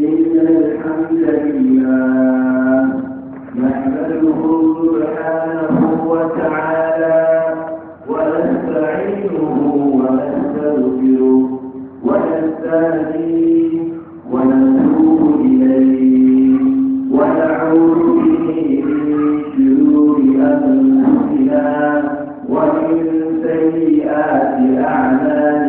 إن الحمد لله نحمده سبحانه وتعالى ونستعينه ونستغفره ونتوب إليه ونعوذ به من شرور أنفسنا ومن سيئات أعمالنا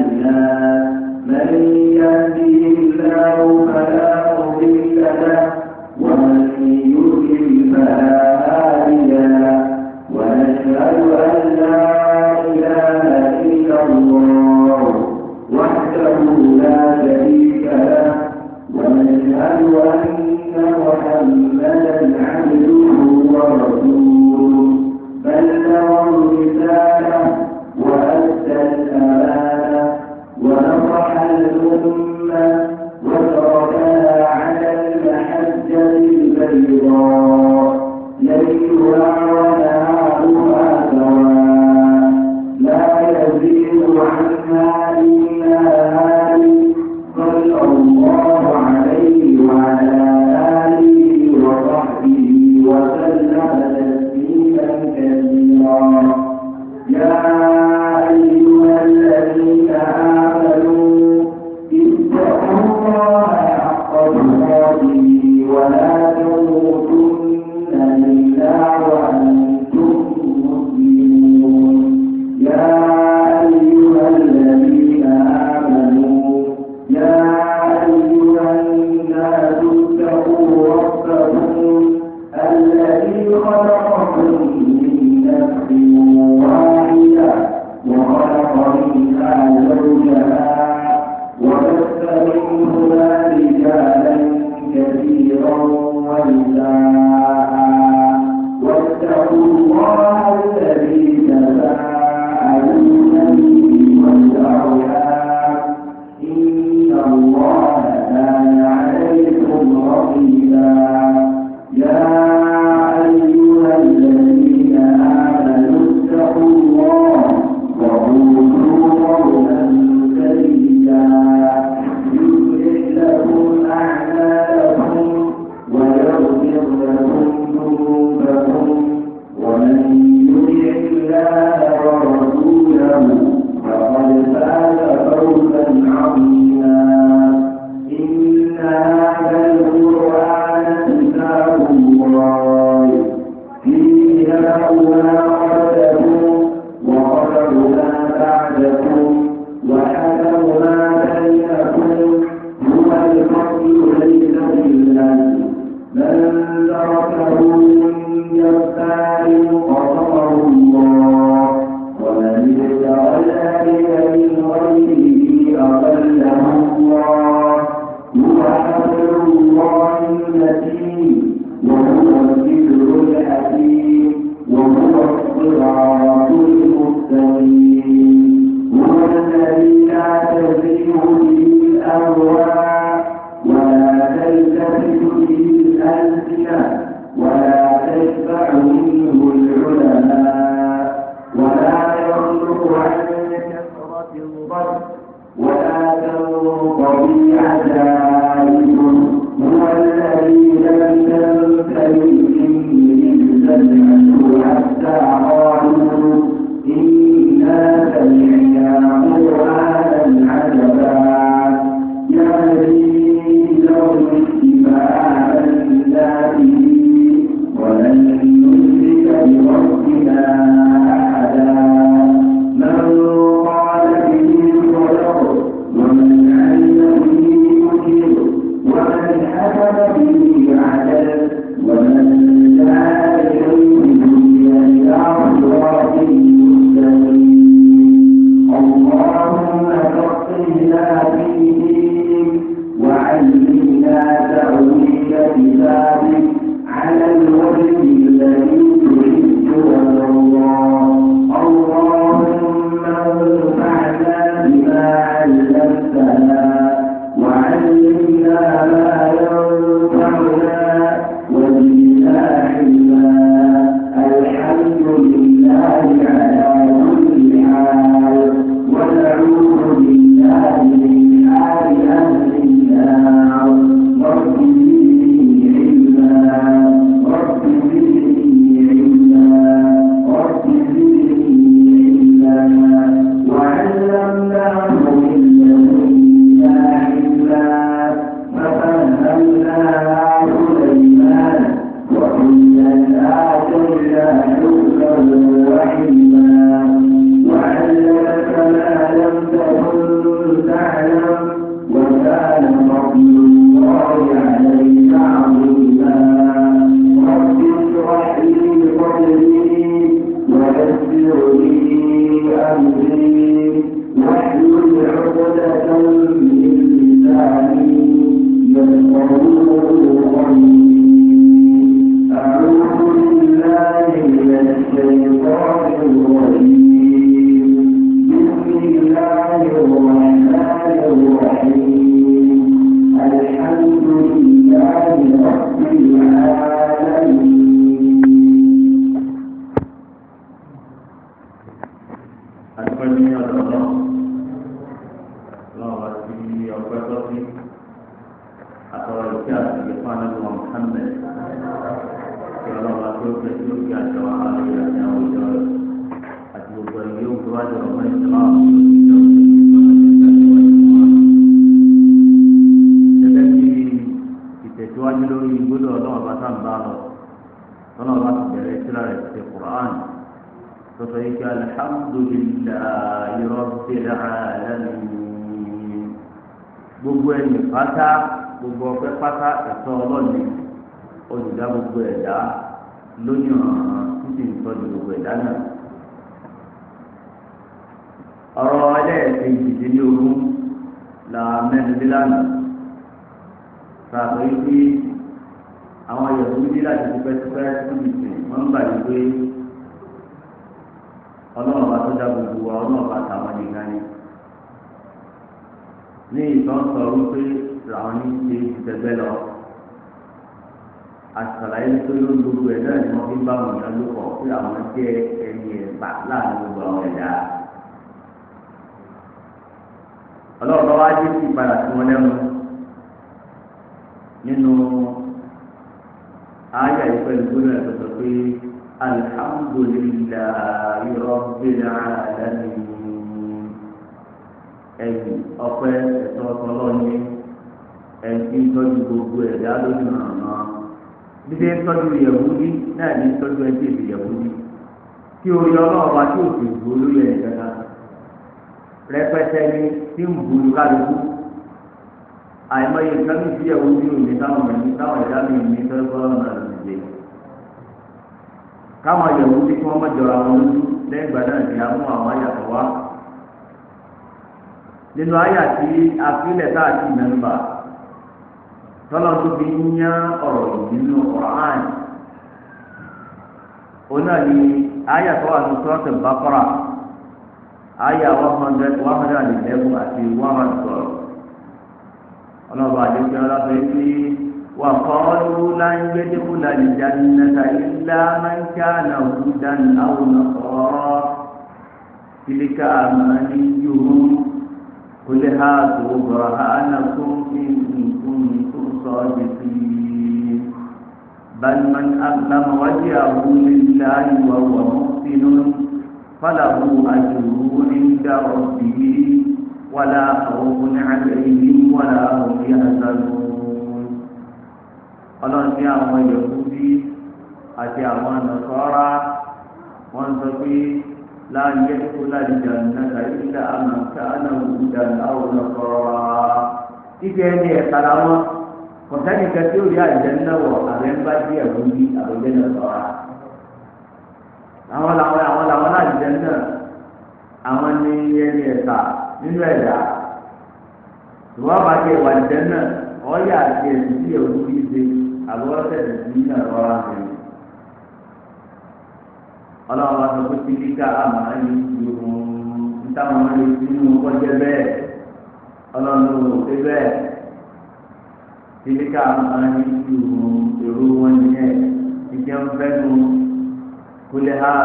wá dé sí ìpadà sí wọn lẹ́nu nínú ayé àìpẹ́lú gbóná ẹ̀ sọ pé alihamudulilayi rabbil alamin ẹ̀yìn ọpẹ́ ẹ̀tọ́ ọlọ́ọ̀ni ẹ̀yìn tọ́jú gbogbo ẹ̀dá lójú ọ̀nà dídé tọ́jú ìyẹ̀wò ní náà ní tọ́jú ẹ̀dá ìyẹ̀wò ní kí orí ọlọ́ọ̀bá tí òfin gbòó lórí ẹ̀dá rẹpẹtẹ ni tí ń bu kálukú àìmọye nǹkan mi ti yẹwò bí òní táwọn ẹni táwọn ẹ̀dá mi ní tọ́lọ́gbọ́n náà lò dé káwọn yẹwò bí kí wọ́n mọ̀jọra wọn lójú lẹ́yìn ìgbà náà ni a mú àwọn àyàtọ̀ wá nínú àyà tí àfilẹ̀ tá a ti tó fi ń yá ọ̀rọ̀ yìí nínú òun náà ni àyàtọ̀ wà ní sọ́ọ̀tì bàkọ́rà àyà one hundred one hundred and eleven àti one hundred twelve ọlọ́ba àdéhùn ọlọ́ba ẹ̀kí wà kọ́ọ́lù láńgbé dẹ́kun làlìjà nàta ilá mẹ́ńkà náà húdà náà nàkọ́ọ́ tìlíkà àmàlí yòó kólé ha tó bọ̀ ha nàkún ìnkún tó sọ ọ́ dẹ́kun yìí bal man aslama wajhahu lillahi wa huwa muhsinun fàlàwù àjùrú nígbà ọ̀bí wàlà àwọn àgbẹ̀yìn wàlà òbí àtàlù. ọlọ́run ní àwọn yẹ̀kúbí àti àwọn nàkọ́ra wọ́n sọ pé láàyè kó láti dànù náà ìlà àmàkà ànáwó dànù àwọn nàkọ́ra. kíkẹ́ ẹni ẹ̀ka làwọn kọ̀sẹ́nìkẹ́ tí ó rí àjẹ́ náà wọ̀ àbẹ́ńbá díẹ̀ wọ́n bí àbẹ́ńbá náà sọ̀rọ̀ àwọn làwọn àwọn làwọn láàjẹ náà àwọn ní ẹni ẹ̀ta nínú ẹ̀dá ìwọ́n bá jẹ ìwà ìjẹ náà ọ̀yà àti ẹ̀sìn tí èwú yìí ṣe àbúrọ̀tẹ̀ ẹ̀sìn náà rọra ṣe. ọlọ́run bá sọ pé tíríkà àmọ́ ẹni ìṣòro nítawọn ọmọ yìí sínú kọjá bẹ́ẹ̀ ọlọ́run ló ṣe bẹ́ẹ̀ tíríkà àmọ́ ẹni ìṣòro èrò wọn nìyẹn ìjẹun fẹ́ nu. kúlẹ̀ ha ha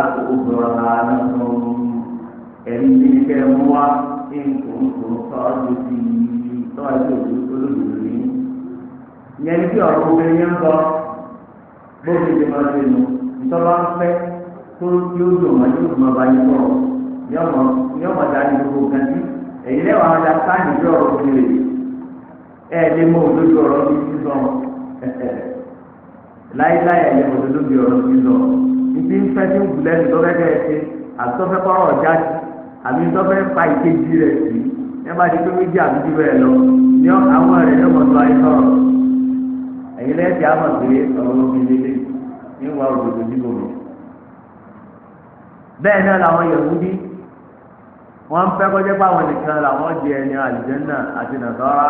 tọ́jú sí tọ́jú olódodo ní. ìyẹn ọ̀rọ̀ obìnrin yẹn ndị bóbi nù tó yóò dùn yóò dùn ní bí bí sísọ ìdí ń fẹ́ tí ń gùlẹ́ ní tọ́fẹ́ kẹ́ ẹ ṣe àtọ́fẹ́ kọ́rọ̀ ọ̀já sí àbí tọ́fẹ́ pa ìkejì rẹ̀ sí ẹ bá di pé méjì àbí jù bẹ́ẹ̀ lọ ní àwọn rẹ̀ ní ọmọdé ayé sọ̀rọ̀ ẹ̀yin lẹ́sẹ̀ àmọ̀ pé ọ̀rọ̀ omi lélẹ̀ ní wà òdòdó dìbò mi. bẹ́ẹ̀ náà làwọn Yahudi wọ́n ń fẹ́ kọjá pé àwọn nìkan làwọn jẹ ẹni àlùjànnà àti nàtọ́ra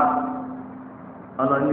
ọlọ́ni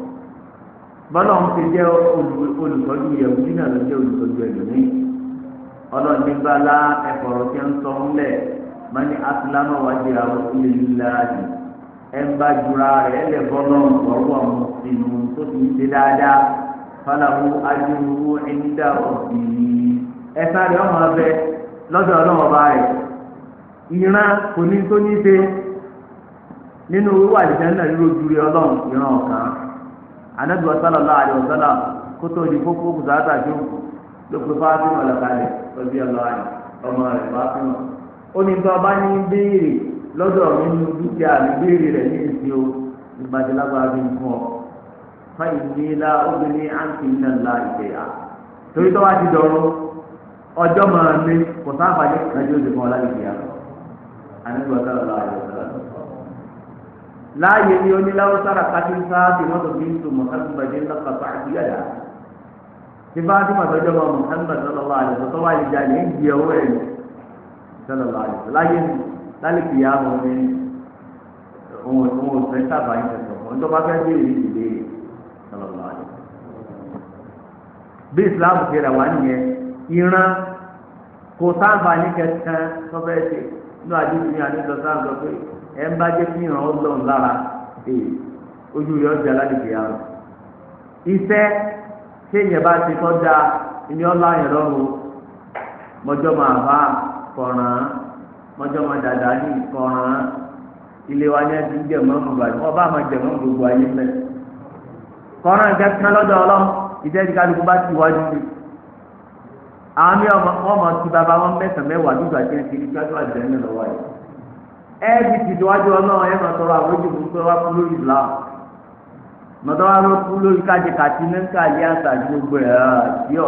bọ́lá ń fi jẹ́ olùtọ́jú yẹ̀wù nínú jẹ jẹ́ olùtọ́jú ẹ̀lòmí ọlọ́ọ̀ni bala ẹ̀fọ̀rọ̀ tẹ́ ń sọ máa ní asilámà wá àwọn ilé líláàdì ẹ̀ ń bá jura rẹ̀ ẹ̀ lẹ̀ bọ́lá ọ̀wọ́ tó ti ṣe dáadáa òbí ọmọ abẹ bá ìran kò ní tó ní ṣe nínú anabi wa sallallahu alayhi wa sallam kótó di kókó kùsàtà ju lóko fáfímọ̀ lọ́kàlẹ̀ ọbí ọlọ́wàní ọmọ rẹ̀ fáfímọ̀ ó ní tó ọba ní béèrè lọ́dọ̀ mi ní dúkìá mi béèrè rẹ̀ ní ìsì o ìgbàdí lágbára mi fún ọ fáyìn ní ilá obìnrin àǹtí iná ńlá ìgbéyà torí tó wá ti dọ̀rọ̀ ọjọ́ máa ń kò sáfà ní kájú òdìkan ọlá ìgbéyà anabi wa sallallahu alayhi wa sallam láàyè ni oníláwó sára kátí sáàtì wọn tó fi ń tu Muhammad lọ́kà bá àdìyàdà tí bá ti pàtó jọba Muhammad sọlọ́lá àdìyàdà tó wáyé jáde ń di owó ẹ̀ sọlọ́lá àdìyàdà láyé lálẹ́ kìí àwọn ní ohun ohun ọ̀sẹ̀ sábà ń tẹ̀sọ̀ fún ọjọ́ bá fẹ́ béèrè ní ìdílé sọlọ́lá àdìyàdà. bí Islam ti rẹ̀ nìyẹn ìran kò sábà ní kẹsàn-án tó fẹ́ ṣe inú àdébìrì àdébìrì sáà sọ pé ẹ ń bá jẹ́ kí ìràn ọlọ́run lára ee ojú rẹ̀ ọjà lálejò yà rọ̀ iṣẹ́ téèyàn bá ti kọ́ da ìní ọlọ́ àyàn lọ́rùn mọ́jọ́ máa bá kọ̀ràn mọ́jọ́ máa dàda ní kọ̀ràn ilé wa ní ẹni jẹ mọ́ ọmọ bàjẹ́ ọba àmọ́ jẹ mọ́ gbogbo ayé mẹ́ kọ̀ràn ìjẹ́ kí wọ́n lọ́dọ̀ ìdíkàlùkù bá ti wájú bíi àwọn mi wọn mọ ti bàbá wọn mẹsàn mẹwàá dúdú àti ẹni kiri gbádùn àjẹ ní lọ́wọ́ yìí ẹbí ti dọwájú Ọlọ́run ẹ máa tọrọ àwọn ojúbùn pé wá kú lórí Islam mọtò wá ló kú lórí kájí kàtí ní ká yé àtà gbogbo ẹ àti ọ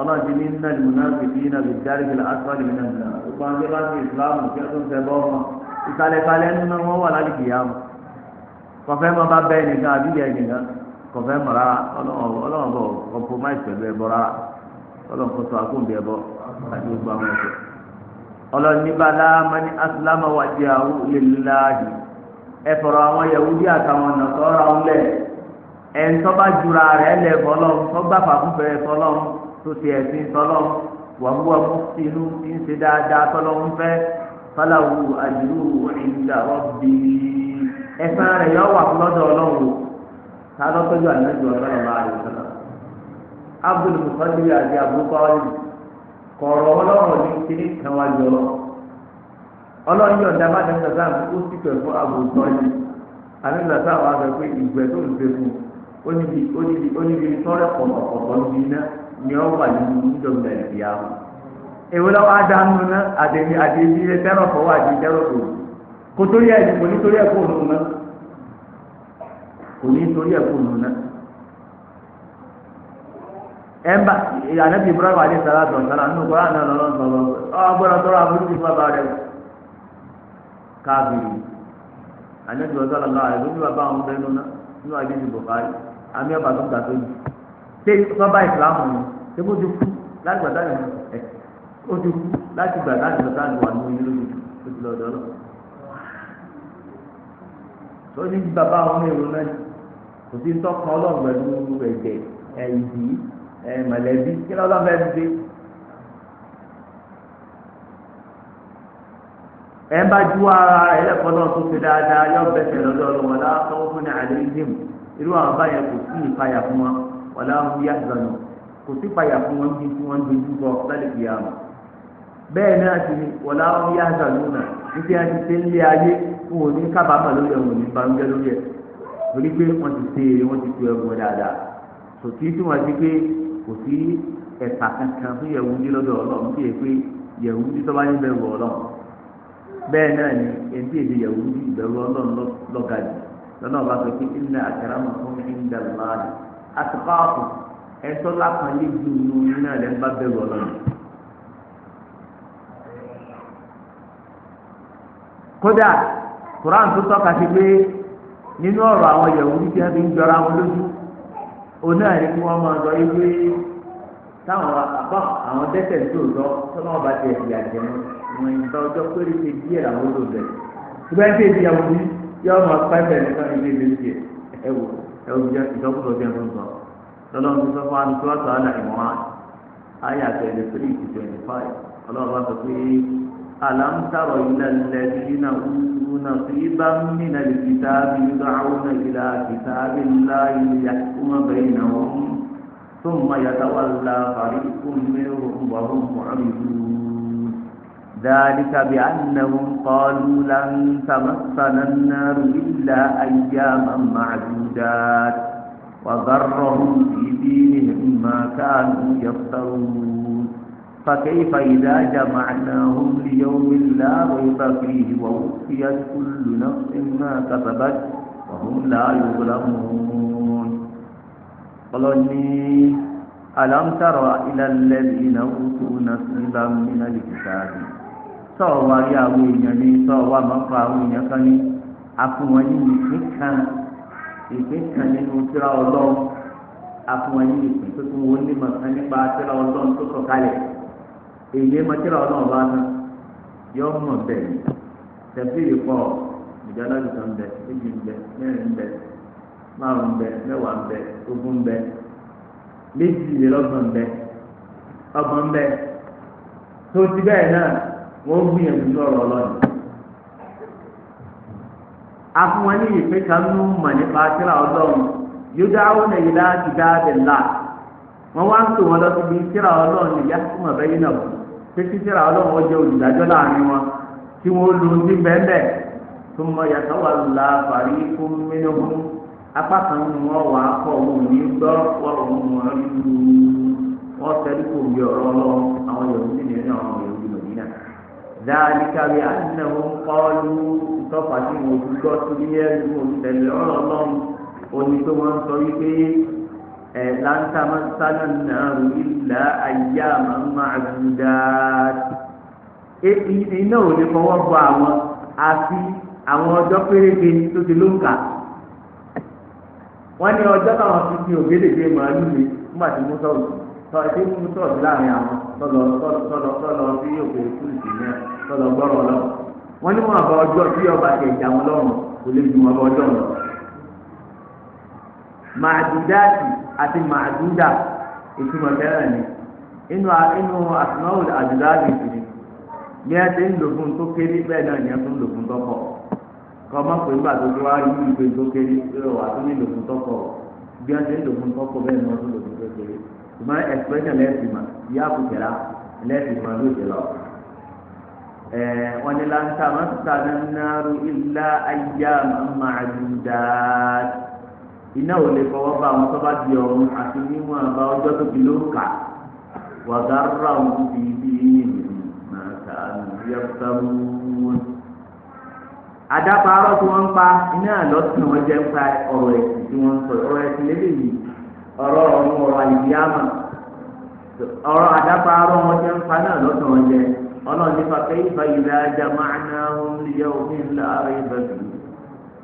Ọlọ́run ti ní nínú ìlú náà fi bí náà fi járe fi lásán ìlú náà nà àwọn Ọlọ́run bọ compromise pẹ̀lú ẹbọ rárá ọlọ́run kò sọ akóńbẹ bọ àti gbogbo àwọn ọ̀sẹ̀. ọlọ́run ní bàlá mani asilámà wà jẹ́ àwọn olèléláàdì ẹ fọ̀rọ̀ àwọn yahudi àtàwọn nàkọ́ra ọ̀lẹ̀ ẹ̀ ń tọ́ bá jura rẹ̀ lẹ̀ fọlọ́n tọ́ gbà fàkúfẹ́ fọlọ́n tó ti ẹ̀sìn fọlọ́n wà wúwa mú sínú tí ń ṣe dáadáa fọlọ́n fẹ́ fọláwù àdìrú ìlà ọ̀bì Abdul Mukhadi àti abukari k'ọrọ ọlọ́rọ̀ ní kíní kan wá yọ ọlọ́run yóò dá bá dẹ́sẹ̀ sáà ó sì pẹ̀ fún àbùtọ́ yìí àdéhùn sáà wà sọ pé ìgbẹ́ tó ń gbé fún oníbi oníbi oníbi tọ́rẹ̀ pọ̀pọ̀pọ̀ níbi iná ni ọ wà nínú ìjọba ìyá wọn. èwo lọ́wọ́ adáhùn náà àdèmí àdèmí ilé tẹ́rọ̀ fọ́ ẹnba anabi ibrahim alayhi salatu wa nínú kura náà lọ́nà sọ̀rọ̀ ọgbọ́dọ̀ tọrọ àbúrúkú fún bàbá rẹ̀ káàbìrì anabi wa sọ̀rọ̀ lọ́wọ́ àyẹ̀wò bàbá àwọn ọmọdé nínú nínú àdéhùn àmì ọba tó ń gbàtó yìí ṣé ìsìlámù ni ṣé ti kú láti gbàtà ẹ̀ ti kú láti gbàtà ni wà ní lójú ó ti ẹ mọ̀lẹ́bí kí lọ́dọ̀ fẹ́ ti dé. ẹ bá ju ara rẹ̀ lẹ́kọ̀ọ́ náà tó fi dáadáa yọ bẹ̀sẹ̀ lọ́dọ̀ ọlọ́wọ́ láàpọ̀ fún ní àlẹ́ irú àwọn báyẹn kò sí ìpayà fún wọn wọ́n láwọn fi yá kò sí ìpayà fún wọn bí tí wọ́n dojú bọ̀ lálẹ́ ìyá wọn bẹ́ẹ̀ náà ti ní wọ́n láwọn fi yá ìgbàlù náà níbi àti ṣe ń lé ayé wọn ní kábàámọ̀ lórí ẹ̀wọ̀n ní banújẹ́ lórí ẹ̀ torí pé wọ́n ti ṣe wọ́n ti tu ẹ̀wọ̀n dáadáa kò sí ẹ̀ka kankan fún yẹ̀wùdí lọ́dọ̀ ọlọ́run tí yẹ pé yẹ̀wùdí tó bá yẹ bẹ̀rù ọlọ́run bẹ́ẹ̀ náà ni etí èdè yẹ̀wùdí ìbẹ̀rù ọlọ́run lọ́gà jù lọ́nà ọba sọ pé ilé àkàràmọ̀ fún ìdá láàyè àtìpáàpù ẹ̀tọ́ lápọn lé ju inú náà lẹ́ bá bẹ̀rù ọlọ́run. kódà kuran tó tọ́ka sí pé nínú ọ̀rọ̀ àwọn yẹ̀wùdí tí wọ́n fi ń jọra wọn lójú onáàrí kí wọ́n máa lọ ilé táwọn àbá àwọn dẹ́tẹ̀ tó lọ tọ́lá ọba tiẹ̀ ti àjẹ́ wọn ìgbà ọjọ́ péré ṣe díẹ̀ làwọn lò bẹ̀. ìgbà tí èdè ìyàwó mi yọ ọmọ pẹ́pẹ́ nìkan ilé ilé tiẹ̀ ẹ̀wò ẹ̀wò jẹ́ ìdọ́kùnrin ọjọ́ ìfún sọ lọ́lọ́ ti sọ fún wa ní tí sọ náà ìmọ̀ wa ayé ọlọ́run bá sọ pé ألم تر إلى الذين أوتوا نصيبا من الكتاب يدعون إلى كتاب الله ليحكم بينهم ثم يتولى فريق منهم وهم معرضون ذلك بأنهم قالوا لن تمسنا النار إلا أياما معدودات وغرهم في دينهم ما كانوا يفترون فكيف إذا جمعناهم ليوم لا ريب فيه ووفيت كل نفس ما كسبت وهم لا يظلمون قلني ألم تر إلى الذين أوتوا نصيبا من الكتاب sọ̀wọ́ ayé àwọn èèyàn ni sọ̀wọ́ àmọ́kọ́ àwọn èèyàn kan ní àfihàn yìí ìpín kan ìpín kan nínú tíra ọlọ́run àfihàn yìí ìpín tuntun wo ní mọ̀ọ́kan nípa tíra ọlọ́run tó sọ̀kalẹ̀. èyí mọtìrà ọlọ́run bá ná yọ mọ bẹ́ẹ̀ ni pọ ń bẹ bẹ mẹ́rin ń bẹ márùn bẹ mẹ́wàá ń bẹ ogún ń bẹ méjìlélọ́gbọ̀n ń bẹ ọgbọ̀n ń bẹ tó ti bẹ́ẹ̀ náà wọ́n gbìyànjú lọ́rọ̀ yi nu ma kira tírà ọlọ́run yóò dáwọ́ náà yìí wá ń tò lọ síbi pé títírà ọlọ́run ó jẹ́ olùdájọ́ láàrin wọn tí wọ́n lu ní bẹ́ẹ̀ tó mọ yàtọ̀ wà lọ́la parí fún mílíọ̀nù apá kan nínú wọn wà á kọ́ òun ní gbọ́ wọ́n òun wọn lu wọ́n sẹ́rí kò bí ọ̀rọ̀ ọlọ́run àwọn yòówù sì ní ẹ̀yìn ọ̀rọ̀ yòówù lòdì náà. dáadíkà bí àdínàwó ń kọ́ lu ìtọ́fà tí mo gbọ́ sí ilé ẹ̀rú olùtẹ̀lẹ̀ ọ̀rọ̀ ọlọ́run òní tó wọ́n sọ wípé Eh, lan tamassana an-naru illa ayyaman ma'dudat eh, iná ò lè fọwọ́ bọ àwọn àfi àwọn ọjọ́ tó ti wọ́n ní ọjọ́ táwọn fi fi màálù mi nígbà tí mo sọ̀rọ̀ sọ sọ̀rọ̀ láàrin àwọn sọlọ sọlọ sọlọ sí òkè kúrìsì náà gbọ́rọ̀ lọ wọ́n ní wọn àbá ọjọ́ tí ọba kẹjà wọn lọ́rùn kò lè ju wọn ọjọ́ lọ màdùdáàtì àti màdúdà ìtumọ̀ tẹ́lẹ̀ ni inú inú àtúnáwò àdúrà àgbègbè ni bí ẹ ti ń lò fún tó kéré bẹ́ẹ̀ náà ni ẹ tún lò fún tọ́pọ̀ kọ́ má pé nígbà tó tó wá yí ìpè tó kéré lọ́wọ́ wà tó ní lò fún tọ́pọ̀ bí ẹ ti ń lò fún tọ́pọ̀ bẹ́ẹ̀ ni tún lò fún tó kéré ṣùgbọ́n ẹ̀sìpẹ́sẹ̀ lẹ́sìn mà yá àbùkẹ́lá lẹ́sìn mà ló ṣe lọ. ẹ wọn ni lantan mọ́tò tà nínú náírà ilá ayé àmàlùdáàtì iná ò lè fọwọ́ bá àwọn tọ́ba di ọ̀run àti níwọ̀n àbá ọjọ́ tó fi ló ń kà wàgá rà wọn fi bí yìnyín máa ta àlùyẹ sáwọn. adápaarọ́ tí wọ́n ń pa iná àlọ́tún wọn jẹ́ ń pa ọ̀rọ̀ ẹ̀sìn tí wọ́n ń sọ ọ̀rọ̀ ẹ̀sìn lélẹ́yìí ọ̀rọ̀ ọ̀run ọ̀rọ̀ àlìyáàmà ọ̀rọ̀ adápaarọ́ wọn jẹ́ ń pa náà lọ́tún wọn jẹ́ ọlọ́run nípa pé ìfàyè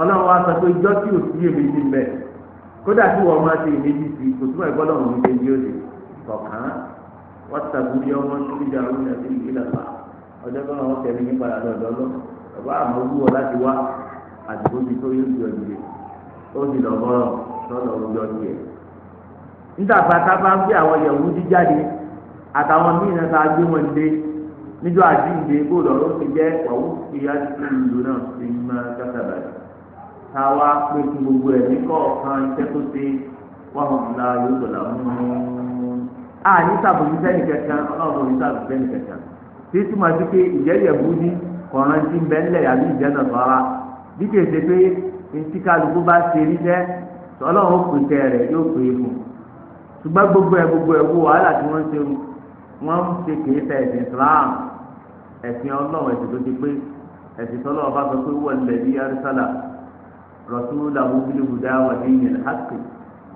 ọlọ́run wa sọ pé ìjọ tí ò sí èméjì ń bẹ kódà tí wọ́n máa ṣe èméjì sí kò túmọ̀ ẹ̀gbọ́n lọ́run ní méjì ó lè kọ̀ọ̀kan wọ́n ti tàbí bí ọmọ tó fi dàrú ní ẹ̀sìn ìlú ìlàpá ọjọ́ tó wọn tẹ̀lé ní padà lọ́dọ̀ lọ bàbá àmọ́ wú ọ láti wá àdìgbò ti tó yóò jọ ìdílé ó sì lọ bọ́rọ̀ sọ́dọ̀ ọjọ́ nígbà bàtà bá àwọn yẹ̀wù tá a wá pé fún gbogbo ẹ̀ ní kọ̀ọ̀kan iṣẹ́ tó ṣe wọ́n hàn la yóò dọ̀là mú un. a ní sàbòjú sẹ́yìn kankan ọlọ́run ní sàbòjú sẹ́yìn kankan tí túmọ̀ sí pé ìjẹ́yẹ̀ bú ní kọ̀ọ̀rán tí ń bẹ́ ńlẹ̀ àbí ìjẹ́nà sọ́ra bí kèsè pé ntí kálukú bá ṣe ríṣẹ́ ọlọ́run pè tẹ rẹ̀ yóò pè é fún ṣùgbọ́n gbogbo ẹ̀ gbogbo ẹ̀ wo wàhálà tí wọ́n ṣe wọ́n ṣe kèé ẹ̀sìn Islam ẹ̀sìn ọlọ́run ẹ̀sìn tó ti pé ẹ̀sìn tọ́lọ́run bá sọ pé wọ́n lẹ̀ bí arúsálà رسوله بالهدى ودين الحق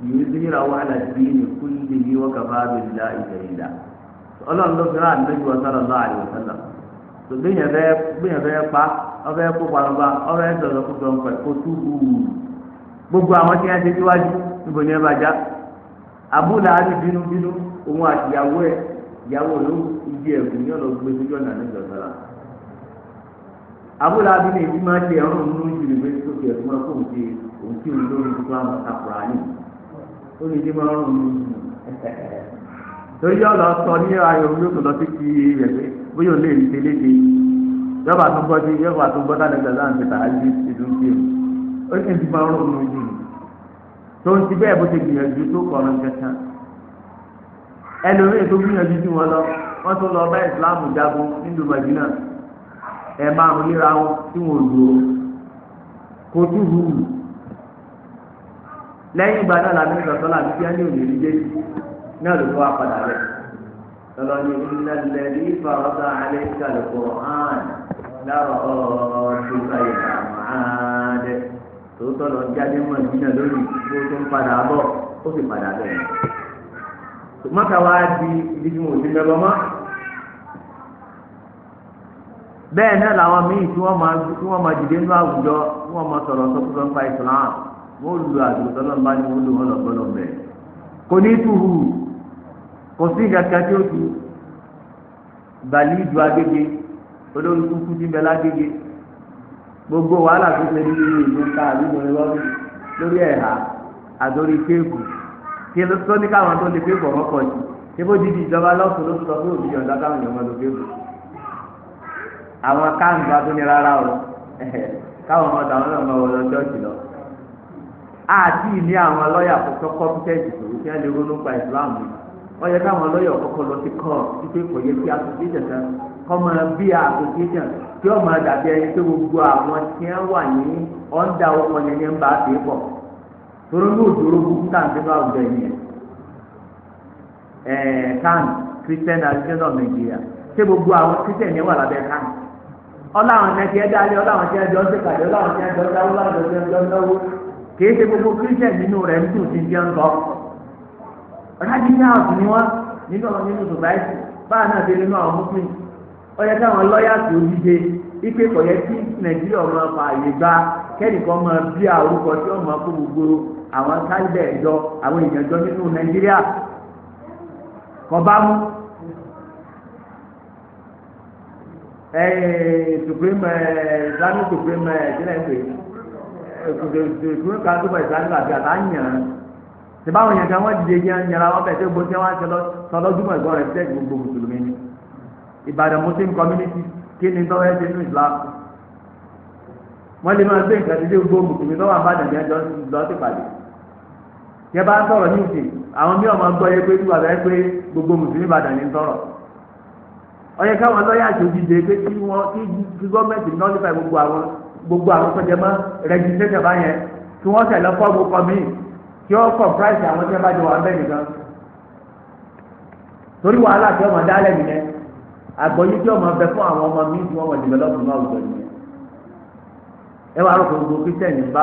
ليظهره على الدين كله وكفى بالله شهيدا Ọlọ́run ló fẹ́ràn àdébí wa sọlọ lọ àdébí sọlọ tó gbìyànjú bẹ́ẹ̀ pa ọbẹ kó palọba kó sọ̀rọ̀ kó tú gbogbo àwọn tí ti níbo ni ẹ bá já abúlé òun àti ìyàwó ẹ ìyàwó ló abúlé abúlé yìí máa ṣe ọrùn nínú ìjìnlẹ̀ ìwé tó fi ẹ̀fọn kó ń ṣe òun tí òun lórí ìdúró àwọn àkùrà ní ó lè dé máa rùn nínú ìjìnlẹ̀ torí yóò lọ sọ ní ayò yóò tó lọ sí kí rẹ̀ pé bóyá òun lè rí tẹ́lẹ̀ dé yọba tó gbọ́ sí yọba tó gbọ́ dáadáa dáadáa ń tẹ̀ta àti ìdún kí o ó sì ti máa rùn nínú ìjìnlẹ̀ tó ń ti bẹ́ẹ̀ bó ṣe gbìyànjú tó kọ̀ọ̀rọ̀ kankan ẹlòmíràn tó gbìyànjú sí wọn lọ wọn tó lọ bá ìsìláàmù jagun nílùú Màdínà Ebe márùn léra wọn tí wọ́n lò ó kò tún wù ú lẹ́yìn ìgbà náà làmì sọ̀tọ́ làmì tí a òní ìdíje náà ló wá padà rẹ̀ lọ́lọ́ni ìlànà ní ìfàwọ́sà alẹ́ ìkàlùkọ̀ hàn lárọ̀ ọ̀ọ́dún báyìí àmọ́ àádẹ́ tòótọ́ lọ jáde mọ́ ìdínà lórí tó tó ń padà bọ̀ ó bẹ́ẹ̀ náà làwọn míì tí wọ́n máa tí wọ́n máa dìde nínú àwùjọ tí wọ́n máa sọ̀rọ̀ sọ́kúrọ̀ nípa Islam wọ́n lu àdùnkọ́ náà bá ní wọ́n lò wọ́n lọ gbọ́dọ̀ bẹ̀. kò ní tuhu kò sí kankan tí ó tu bàlí ìdù agége olórí kúkú ti bẹ lágége gbogbo wàhálà tó ṣe ní ìlú ìlú ká àbí ìmọ̀lẹ́ lọ́rí lórí ẹ̀hà àdórí kéèkù kí ló tó ní káwọn tó lè kéèkù ọ̀rọ̀ kọ̀ọ̀tì ṣé bó di ìjọba lọ́sùn àwọn akáǹtì adúní rárá o káwọn ọmọ tàwọn náà máa wọ lọ ṣọ́ọ̀ṣì lọ. àti àwọn lọ́ọ̀yà kọ́kọ́ kọ́mpútẹ́ẹ̀tì tó kí wọ́n lè ronú pa ìsìláàmù yìí wọ́n yẹ káwọn lọ́ọ̀yà kọ́kọ́ lọ sí kọ́ọ̀ títí kò yẹ kí kọ́ bí dàbí gbogbo àwọn tí wọ́n wà ní ọkọ̀ ní bá a fi torí ní òdòdó ọla ẹni ẹjẹ dálé ọláwọn ẹni ẹjọ ṣèkàdé ọláwọn ẹni ẹjọ dáwó ọláwọn ẹni ẹjọ náwó kìí ṣe gbogbo christian nínú rẹ ń tún ti jẹun lọ radicals ni wọn nínú ọmọ nínú society báà náà nínú àwọn káwọn tó dìde ipe kò yẹ kí nàìjíríà ọmọ gba kẹ́nìkan bí àrùkọ tí ọmọ kó gbogbo àwọn àwọn supreme islamic supreme ìdílé ń pè supreme council for islamic àti àtàyàn tìbáwọn yẹn kan wọn dìde yẹn yẹn àwọn bẹ́ẹ̀ tó gbó tí wọn ṣe lọdọdúnmọ ẹ̀gbọ́n rẹ fẹẹ gbogbo mùsùlùmí ni ìbàdàn muslim community kí ni tọ́wọ́ ẹ ṣe nínú islam wọ́n lè máa gbé nǹkan dídé gbogbo mùsùlùmí lọ́wọ́ àbádàn yẹn lọ sí pàdé yẹn bá ń sọ̀rọ̀ ní ìsìn àwọn mí ọmọ gbọ́ yẹ pé wíwà bẹ́ẹ̀ pé ọyẹ káwọn lọ́yà àjòjìdè pé kí wọ́n kí gọ́ọ̀mẹ̀ntì náà nípa gbogbo àwọn gbogbo àwọn tó jẹ mọ́ rẹ́gísítẹ́tẹ̀ bá yẹn kí wọ́n tẹ̀ lọ fọ́ọ̀mù kọ́mí kí wọ́n kọ̀ price àwọn tí wọ́n bá jọ wà bẹ́ẹ̀ nìkan. torí wàhálà tí ọmọ dálẹ̀ nìyẹn àgbọ̀yé tí ọmọ bẹ fún àwọn ọmọ míì tí wọ́n wọ̀ dìbẹ̀lọ́pù náà wùdọ̀ nìyẹn. ẹ wàá rògbò gbogbo kírísítẹ̀nì bá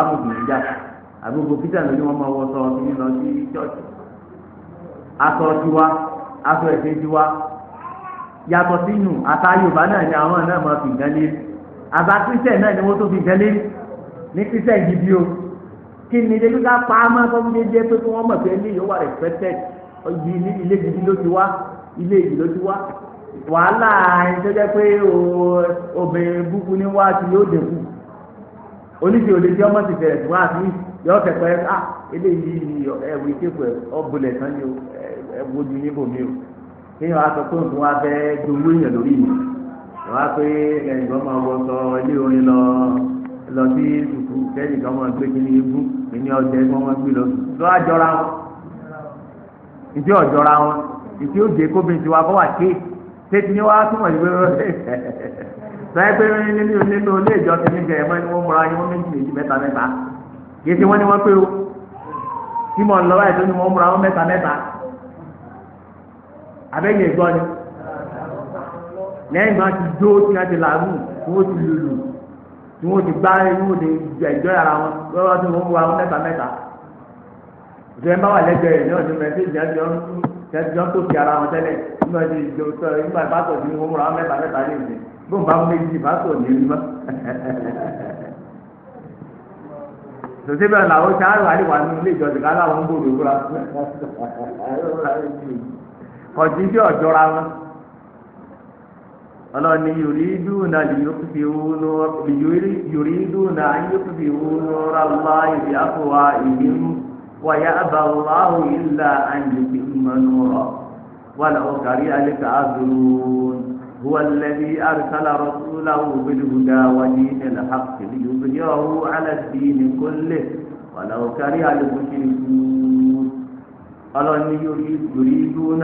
ni wọ́n máa wọ sọ ọ́ sí nínú ọtí ṣọ́ọ̀ṣì. aṣọ tiwa aṣọ yàtọ̀ sínú àtà yorùbá náà ni àwọn náà máa fi nǹkan lé àbá kírísẹ̀ náà ni wọ́n tó fi nǹkan lé ní kírísẹ̀ gidi o kí ni ilé lóga pa á máa fọ́n déédéé tó tó wọ́n mọ̀ pé ilé yóò wà respected yìí ní ilé gidi ló ti wá ilé yìí ló ti wá wàhálà ìṣẹ́jẹ́ pé obìnrin búkú ní wá sí yóò dẹ̀kú oníṣẹ́ òde tí ọmọ ti bẹ̀rẹ̀ sí wá sí yọ kẹ̀kẹ́ ah eléyìí ẹ̀ ọ̀bùnlẹ̀ sàn kéèyàn wá sọ pé òun wá fẹ́ gbowó èèyàn lórí mi wá pé ẹnìkan máa wọ sọ ilé orin lọ lọ sí tùtù kẹ́nìkan máa gbé kí ní ibú kí ní ọjọ́ ẹgbẹ́ wọn gbé lọ lọ́ àjọra wọn ìdí ọ̀jọra wọn ìdí òjè kóbin tiwa kọ́ wà ké tètè ni wàá túmọ̀ ìwé rẹ̀ sọ́yẹ́ pé nínú nínú ilé ìjọ ti ní gẹ̀ẹ́mọ́ ni wọ́n múra yín wọ́n méjì méjì mẹ́ta mẹ́ta kì í ṣe wọ́n ni wọ́n pé o tí mo lọ́wọ́ ẹ̀ tó ni wọ́n múra wọ́n mẹ́ta mẹ́ta abẹ́yìn ẹ̀gbọ́ ni lẹ́yìn máa ti dó tí wọ́n ti làágùn tí wọ́n ti lùlù tí wọ́n ti gbá tí wọ́n ti ẹ̀jọ́ ara wọn lọ́wọ́ tí wọ́n ń wa mẹ́ta mẹ́ta ìṣẹ̀lẹ̀ bá wà lẹ́gbẹ̀ẹ́ rẹ̀ ní ọdún mẹ́tí ìjẹ́jọ́ ìjẹ́jọ́ tó fi ara wọn tẹ́lẹ̀ nígbà tí ìjọ sọ nígbà bá sọ sí wọn ra mẹ́ta mẹ́ta ní ìsìn bó ń bá wọn méjì bá sọ ní ìlú mọ́. sòtébẹ̀ làwọn ṣáà wà ní wà ní ilé ìjọsìn káláwọn ń bò lóra kọjú bí ọjọra wọn ọlọ́ni yòrídù náà lìyókùfì wúnú yòrídù náà yókùfì wúnú rálá ìdí àfọwà ìdí mú wàyà àbáwòláhù ìlà àyùkì mọ́nú rọ wàlà ọ̀kàrí àlẹ́kà àdùrún هو الذي أرسل رسوله بالهدى ودين الحق ليظهره على الدين كله ولو كره المشركون قال يريدون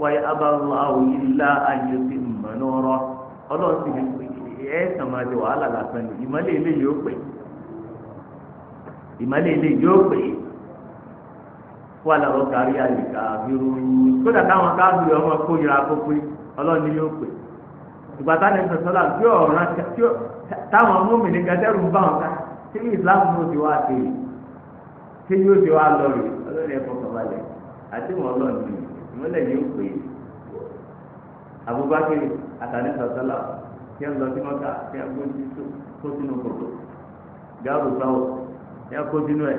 wáyé abáwọ̀ ilá ayé ti mọ̀ lọ́rọ́ ọlọ́run wàhálà lásán ni ìmọ̀lẹ́ ilé yóò pè ìmọ̀lẹ́ ilé yóò pè fún àlàó kárí àyíká bírú kódà táwọn káàbìrì ọmọ kó yẹra kó pé yóò pè ìgbà tí táwọn ń bá wọn ká tí ló ti wá sí i tí yóò ti wá lọ rè àti wọn ìmọ̀lẹ̀ yìí ó pè é Abubakar àtàlẹ́ sọ̀tọ́lá tí a ń lọ sí mọ́ta tí a ń gbójú tó kó sínú kòtò gáàbù sáwọ́ tí a kó sínú ẹ̀.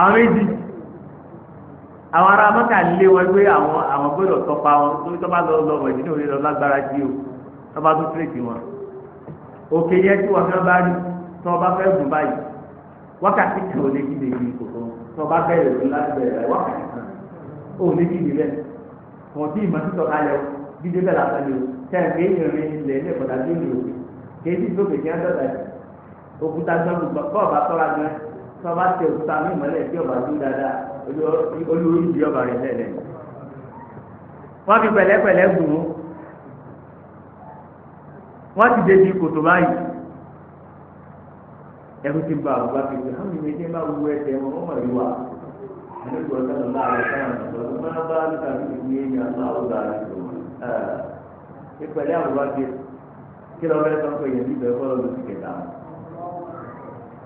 àwọn méjì àwọn ará mọ́ta lé wọn pé àwọn àwọn gbọ́dọ̀ tọpa wọn torí tọ́ bá lọ lọ wọ̀ ìdílé òde lọ lágbára jí o tọ́ bá tún tírèkì wọn. òkè yẹn tí wọn fẹ́ bá rí tọ́ bá fẹ́ gùn báyìí wákàtí kan ò lè kí lè yí kòtò tọ́ bá fẹ́ rẹ̀ lọ́lá ó lé kí ìdílé wọn bí ìmọ̀ títọ̀ kalẹ̀ dị dídé bẹ́ẹ̀ lásán ni o sẹ́yìn pé ìrìn ilẹ̀ ilẹ̀ kọ̀dà bí mi o kéjì tó kéjì á dọ̀dà yìí òkúta gbọ́n gbogbo bọ́ọ̀bà tọ́ra gbọ́n tọ́ba tẹ òkúta mí ìmọ̀lẹ̀ tí ọba dúró dáadáa ìdí ọba rẹ̀ lẹ́lẹ̀ wọ́n fi pẹ̀lẹ́pẹ̀lẹ́ gùn ún wọ́n ti dé di kòtò báyìí ẹ̀rù ti àwọn ìmọ̀ النبي صلى الله عليه وسلم ما بالك بالدين يا الله بارك ìpẹ̀lẹ́ àbúrákẹ́ kí lọ́wọ́ ẹ̀ sọ́kọ̀ yẹn níbẹ̀ fọlọ́ lóṣù kẹta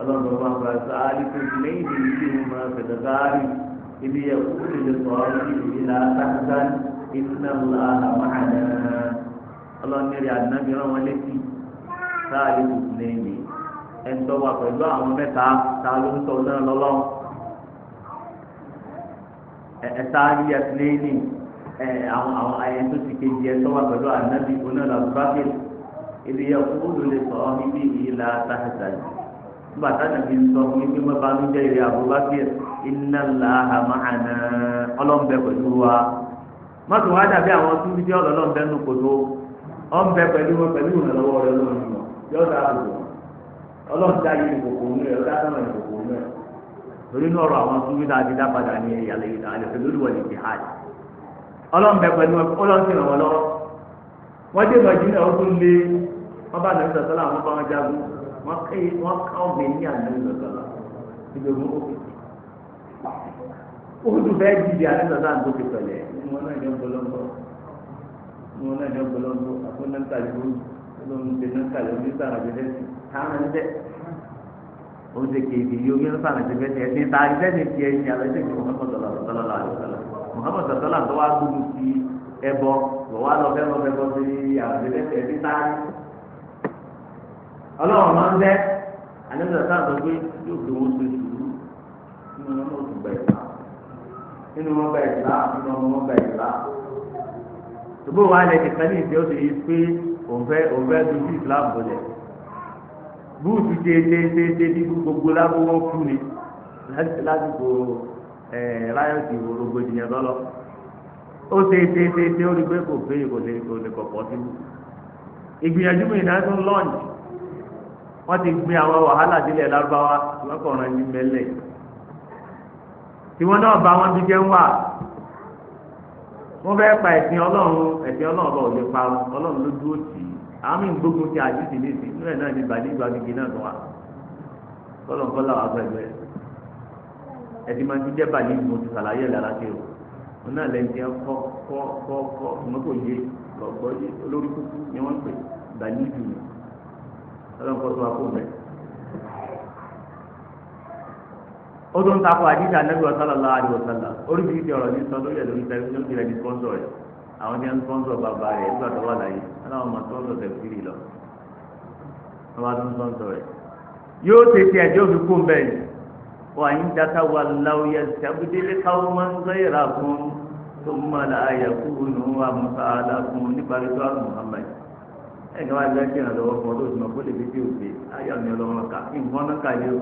ọlọ́run bá fura sáárì tó ti lẹ́yìn tó ti wù máa fẹ̀tẹ̀ sáárì ibi yẹ kó lè lè sọ ọ́ sí ìlà sákúsán iná ńlá àmàlẹ́ ọlọ́run eré ànábi rán wọn létí sáárì tó ti lẹ́yìn ẹ̀ ń náà lọ́lọ́run. ẹ̀ẹ́sáárì ẹ̀sìnlẹ́ẹ̀nì àwọn àwọn ayé tó ti kejì ẹ̀ tọ́wà pẹ̀lú ànábì onílà bákẹ́lì èdè yẹ lè sọ ọ́ níbí ìlà sáhẹ́sáì nígbà táwọn sọ fún mi pé mo bá mi jẹ́ ìrẹ́ àbúbákẹ́ iná làhà máa nà ọlọ́mbẹ pẹ̀lú wa mọ́tò wá dàbí àwọn tó fi jẹ́ ọlọ́mbẹ nù ọ̀nbẹ pẹ̀lú wọn pẹ̀lú rẹ lọ́nà ìkòkò torí inú ọ̀rọ̀ àwọn tó wíta àti dápadà ní ìyàlẹ̀ ìdá àlẹ́fẹ́ lóríwọ̀lì jihad ọlọ́mọbẹ pẹ̀lú ọlọ́sìn ìrànwọ́ lọ́wọ́ wọ́n dé Mẹdínà ó tún lé wọ́n bá nàìjíríà sọ́lá àwọn bá wọn jagun wọ́n ké wọ́n ká ọ̀gbẹ́ ní àdéhùn sọ́lá ìgbè mú ó ó dùn bẹ́ẹ̀ di di àdéhùn sọ́lá àti òkè pẹ̀lẹ́ wọn náà jẹ́ gbọlọ́gbọ́ wọn náà jẹ́ gbọlọ́gbọ́ àfọ̀nàkàlẹ́ ó ṣe kéde yìí omi ló sàmì ṣẹfẹ ṣe ẹsìn ta ni ti ẹsìn alẹsẹ ti Muhammad sọlọlọ àlùsọlọ Muhammad sọlọlọ tó wá gbúdú sí ẹbọ lọ wá lọ fẹràn fẹràn sí àbẹlẹsẹ ẹsìn ta Ọlọ́run máa ń bẹ àdébẹsẹ sáà sọ pé yóò fi wọn ṣe sùúrù nínú wọn náà tún bẹ ìlà nínú wọn bẹ ìlà nínú wọn bẹ ìlà tòbó wa lẹ ti kan ní ìdí ó ti yí pé òun fẹ òun fẹ dùn sí ìsìlámù bọlẹ. búùtù tètè dị gbogbo lábúwọ́ kú ni lásìkò ráyọ̀tì rògbòdìyàn lọ́lọ́ ó tètè tètè ó rí pé kò pé kò lè kò lè kọ̀pọ̀ sí wù. ìgbìyànjú mi náà tún lọ́ọ̀nì wọ́n ti gbin àwọn wàhálà bá wọn bí jẹ́ ń wà wọ́n fẹ́ pa ẹ̀sìn àwọn mí gbógun ti àdìsí ní ìsìn nílẹ̀ náà ní bàdígbà gègé náà tó wà kọ́lọ̀kọ́lọ̀ wà pẹ̀lú ẹ̀ ẹ̀dí máa ti jẹ́ bàdí mo ti sàlàyé ẹ̀ lára kérò wọn náà lẹ́yìn tí wọ́n kọ́ kọ́ kọ́ kọ́ mọ́tò yé lọ́gbọ́ yé olórí kúkú ni wọ́n ń pè bàdí jù ní kọ́lọ̀kọ́ tó wà kó bẹ̀. ó tó ń takò àdìsí anábì ọ̀sán lọ́la sponsor rẹ̀ àwọn wọ́n sponsor bàbá rẹ̀ nígbà tó wà aláwọn ọmọ tó ń lọ tẹ̀síìrì lọ wọn bá tún sọ́ńtọ̀ rẹ̀ yóò tètè ẹ̀jẹ̀ òfin kún bẹ́ẹ̀ ni wà ń daka wà láwùyẹ sàbùdílé káwọn máa ń gbéra fún tó ń mọ àyà kú nù wà mùsàlá fún níparí tó àrùn Muhammad ẹ̀ ní wà á gbẹ́sẹ̀ rẹ̀ lọ́wọ́ fún ọdún ìmọ̀ kó lè fi dé òde ayọ̀ ní ọlọ́run ká kí nǹkan náà kà yó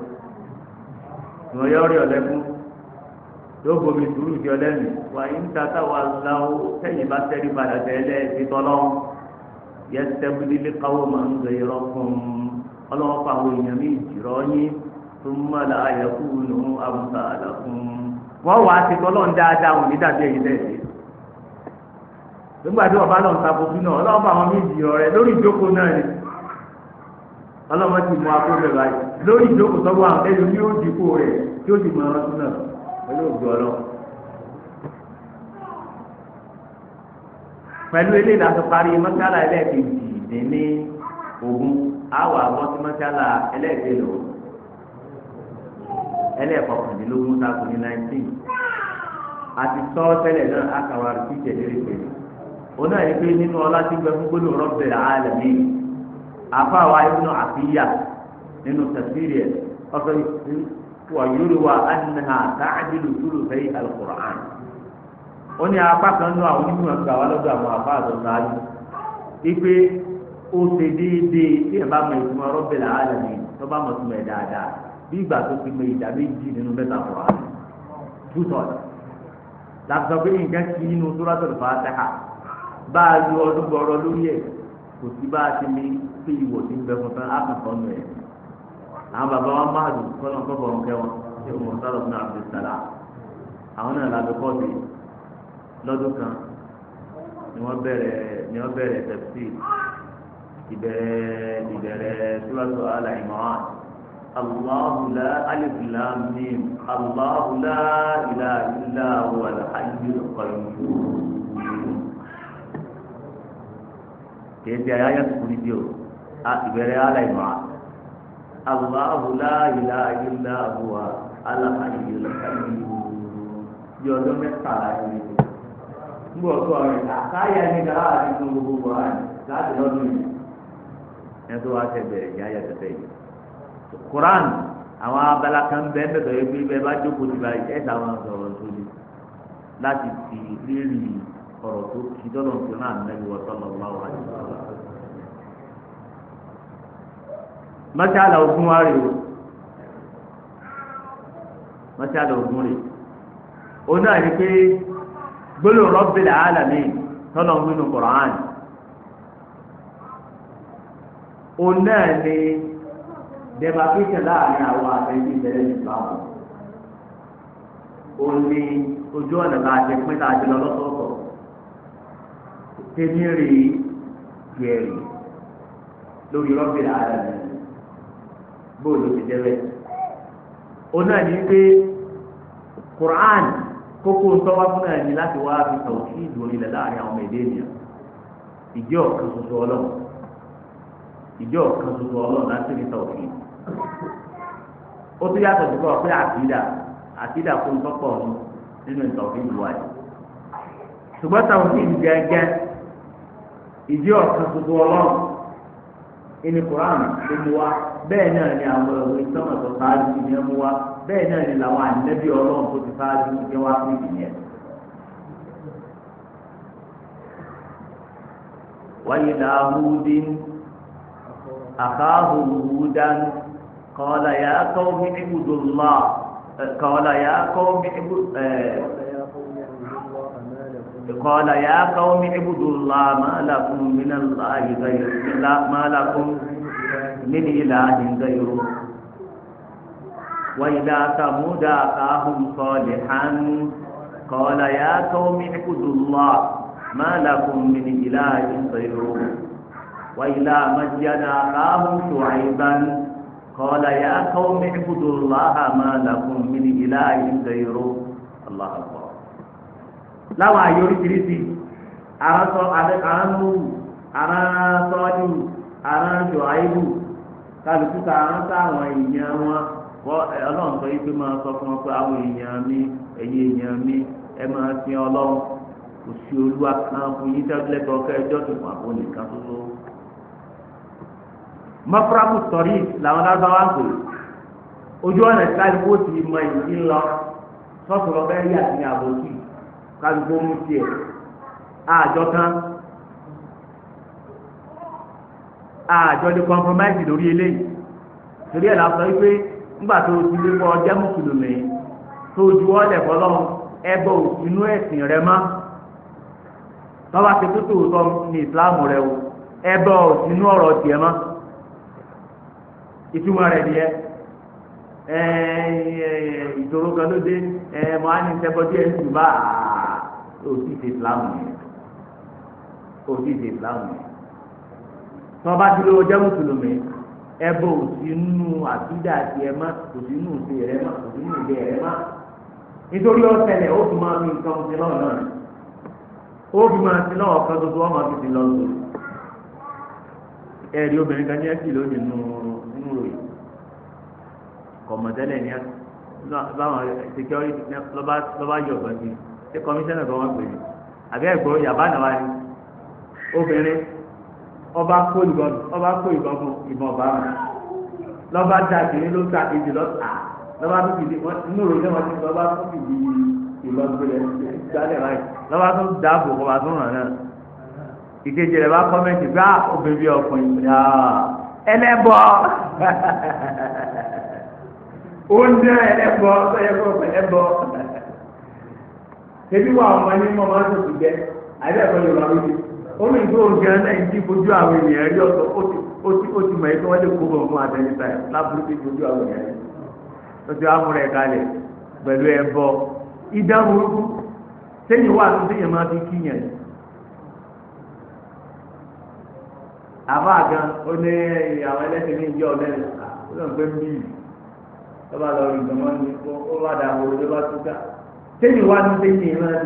ìwọ̀n yọ rí ọ̀lẹ́kùn lóko mi sùúrù di ọlẹ́mì wà ń daka wà láwù sẹ́yìn bá tẹ́lẹ̀ padà tẹ́lẹ̀ ti yẹtẹ́bílílé káwọ́ máa ń gbé yọrọ fún un ọlọ́wọ́ fún àwọn èèyàn mi ìjìrọ̀ yín tó ń mọ̀ wọ́n wàá ti tọ́ dáadáa òní dàbí ẹ̀yìn lẹ́ẹ̀dẹ́. nígbà tí náà rẹ lórí ìjókòó náà ni ti mú akó bẹ̀rẹ̀ lórí ìjókòó àwọn ó rẹ̀ tí ó pẹ̀lú ilé ìdájọ́ parí mọ́sálà ẹlẹ́ẹ̀kejì dín ní ogún àwọ̀ àbọ̀ sí mọ́sálà ẹlẹ́ẹ̀kejì ẹlẹ́ẹ̀kọkàndínlógún sáfù ní nineteen àti sọ tẹ́lẹ̀ náà akàwà rẹ̀ fíjẹ̀ lérí pé oná yìí pé nínú ọlá tí gbẹ fún gbólóhùn rọ́bẹ̀ àlẹ́mí àfáwa ibùnú àfíyà nínú tafsiri ẹ̀ ọ̀sẹ̀ wà yúri wa annaha ta'dilu thuluthi al-Qur'an ó ní apá kan nú àwọn onímọ̀ gbà wá lọ́dọ̀ àwọn àbá àtọ̀tà ayé wípé ó ṣe déédéé tí ẹ bá mọ ìtumọ̀ rọ́bẹ̀ làálẹ̀ mi tó bá mọ̀ ìtumọ̀ ẹ̀ dáadáa bí ìgbà tó fi mọ ìdá méjì nínú mẹ́ta fọ̀ wá tú sọ̀rọ̀ làbùsọ pé nǹkan kì í nu Suratul Fatiha bá a lu ọdún gbọrọ lórí ẹ̀ kò sí bá a ti mi pé ìwọ̀ ti ń bẹ fún tán á kàn nù ẹ̀ àwọn bàbá wa máa lù kọ́nà kọ́kọ́ ń wọn ṣé òun sọ̀rọ̀ fún Abdul àwọn náà làbẹ́ kọ́ọ̀tù yìí lọ́dún kan ni wọ́n bẹ̀rẹ̀ ni wọ́n bẹ̀rẹ̀ tẹ̀sí ìbẹ̀rẹ̀ ìbẹ̀rẹ̀ túwàtò aláìmọ́án aláhùlá alìfìlà mím aláhùlá ìlà ìlà wàlá ayé ọ̀pọ̀lọpọ̀ kìí di ayáyá tuntun níbi o ìbẹ̀rẹ̀ aláìmọ́án aláhùlá ìlà ìlà wàlá ayé ọ̀pọ̀lọpọ̀ bí ọdún mẹ́tàlá yìí. nígbà ọrịa a ta ya ní ká láàrin fún gbogbo buhari láti lọ́dún yìí yẹn tó wá ṣe bẹ̀rẹ̀ ní ayé tẹ̀tẹ̀ yìí koran àwọn abala kan bẹ́ẹ̀ bẹ́ẹ̀ bẹ́ẹ̀ pé bá jókòó ti láti fi tó tó náà ní ogun wa rè o ogun rè o náà pé. gbólóhùn Rabbil Alamin tọ́lọ̀ ń gbénu Qur'an òun náà ni demarcation láàrin àwọn àtẹ̀yìn ìbẹ̀rẹ̀ nípa wọn òun ni ojú ọ̀nà bá a ti pín tá a ti lọ lọ́sọ̀ọ̀sọ̀ tèmi rí jẹ̀rì lórí Rabbil Alamin bóòlù ti dẹ́rẹ́ òun ni pé Qur'an kókó ntọ́wá fún náà ní láti wá fi tàwọn sí ìdúró ilẹ̀ láàrin àwọn èdè ènìyàn ìjọ kan ṣoṣo ọlọ́run ìjọ kan ṣoṣo ọlọ́run láti ní tàwọn sí ó tún yàtọ̀ sí kọ́ pé àtìdá àtìdá kó ń tọ́pọ̀ ọ̀hún nínú ìtàwọn sí ìlú wáyé ṣùgbọ́n tàwọn sí ìlú gẹ́gẹ́ ìjọ kan ṣoṣo ọlọ́run ìní kùránù ló mú wa bẹ́ẹ̀ náà ni àwọn ìwé sọ́mọ̀tò sáájú ni mú wa. bẹ́ẹ̀ náà ni làwọn ànábì ọlọ́run tó ti sáájú jẹ́ wá fún sí ìyẹn. wáyé làhùdín àkàhùhùdán kọ́ọ̀lá yà á kọ́ mi ní ibùdókòlá kọ́ọ̀lá yà á kọ́ mi ní ibùdókòlá. قال يا قوم اعبدوا الله ما لكم من الله غيره ما لكم من إله غيره وإلى ثمود أخاهم صالحا قال يا قوم اعبدوا الله ما لكم من إله غيره وإلى مدين أخاهم شعيبا قال يا قوم اعبدوا الله ما لكم من إله غيره الله أكبر láwọn àyè oríṣiríṣi ara sọ ara nùrù ara sọ́ọ́dù ara jọ ọlọ́run sọ yìí pé máa sọ fún ọ pé àwọn èèyàn mi ẹ̀yin èèyàn mi ẹ máa fi ọlọ́run kò sí olúwa kan fún yín tábìlẹ́tì ọkẹ́ ẹjọ́ tó fún àpò nìkan tó tó. mọ́fúrákù sọ̀rí làwọn lábáwá ń pè ojú ọ̀nà tí kálukú ti mọ ìdí lọ sọ́kùnrin ọbẹ̀ yà sí àbòsí kálukú mú tiẹ̀ àjọ kan àjọ lè compromise lórí eléyìí torí ẹ̀ la sọ yìí pé nígbà tó o ti lé kọ́ ọjọ́ mùsùlùmí tó o ju ọ́lẹ̀ fọlọ́ ẹbọ inú ẹ̀sìn rẹ mọ́ tọ́ba ti kú tòótọ́ ní ìsìláàmù rẹ o ẹbọ inú ọ̀rọ̀ tiẹ̀ mọ́ ìtumọ̀ rẹ̀ nìyẹn ìṣòro kan ló dé mọ́ á ní sẹ́kọ̀ díẹ̀ ní ìtumọ̀ o ti ìsìláàmù yẹn òsì ti ìsìláàmù yẹn tọ́ba ti lé ọjọ́ mùsùlùmí. ẹbọ òsì nù àtúndà àti ẹ òsì nù òsì rẹ òsì nù òsì rẹ nítorí ọsẹlẹ ó fi máa fi nǹkan náà ó fi máa ti ọkàn tuntun ọmọ fi ti lọ sọ ẹrí obìnrin kan ní ẹkì lónìí nù nù security lọba lọba yọ ọgbà sí ṣé kọmíṣánná kan pè é àbí ẹgbọn ọba kó ìbọn ọba kó ìbọn fún ìbọn ọba rẹ lọba da kìnìún ló ta kejì lọta lọba tó kìnìún wọn inú ìròyìn wọn ti lọba tó kìnìún ìbọn gbélé ìgbàlẹ̀ báyìí lọba tó dáàbò ọba tó ràn náà ìkejì rẹ bá kọ́mẹ́ntì ah, bá obìnrin ọkùnrin yá ah, ẹlẹ́bọ oúnjẹ ẹlẹ́bọ ẹlẹ́bọ ẹlẹ́bọ ebi wà ọmọ ní mọ́ máa tó ti jẹ àbí ẹ̀kọ́ yorùbá wíwí. omi ìgbó ògùn náà ti fojú àwọn ènìyàn rí ọ̀tọ̀ ó ti mọ̀ ẹ̀kọ́ wọ́n lè kó bọ̀ fún àtẹnitá ya lábúrú ti fojú àwọn ènìyàn rí lọ́jọ́ amúrẹ̀ kalẹ̀ pẹ̀lú ẹ̀bọ ìdáhùrúkú sẹ́yìn wà tó sẹ́yìn máa fi kíyàn àbá gan ó ní àwọn ẹlẹ́sìn ní ìjọ ọ̀lẹ́rìn ah, ó pé ń bí lọ ó bá túká sẹ́yìn wà tó sẹ́yìn máa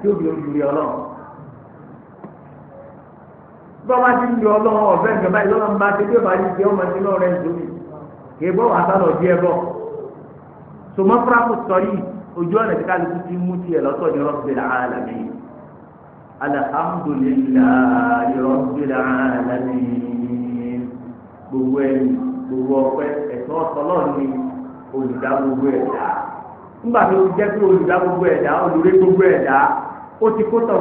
fi bọ́lá ti ń lu ọlọ́run ọ̀fẹ́ ìjọba ìjọba ń bá ti bí ọba yìí jẹ́ ọmọ ti náà rẹ̀ lómi kì í bọ́ wàá sálọ̀ bí ẹ bọ̀. sọmọ fúrákù sọrí ojú ọ̀nà tí kálukú ti mú tiẹ̀ lọ́tọ̀ ní rọ́bìlà alàmì alhamdulillahi rọ́bìlà alàmì gbogbo ẹ̀ gbogbo ọpẹ́ ẹ̀tọ́ ọ̀tọ́lọ́ ni olùdá gbogbo ẹ̀dá nígbà tó jẹ́ pé olùdá ẹ̀dá olùrẹ́ gbogbo ẹ̀dá ó ti kó tọ̀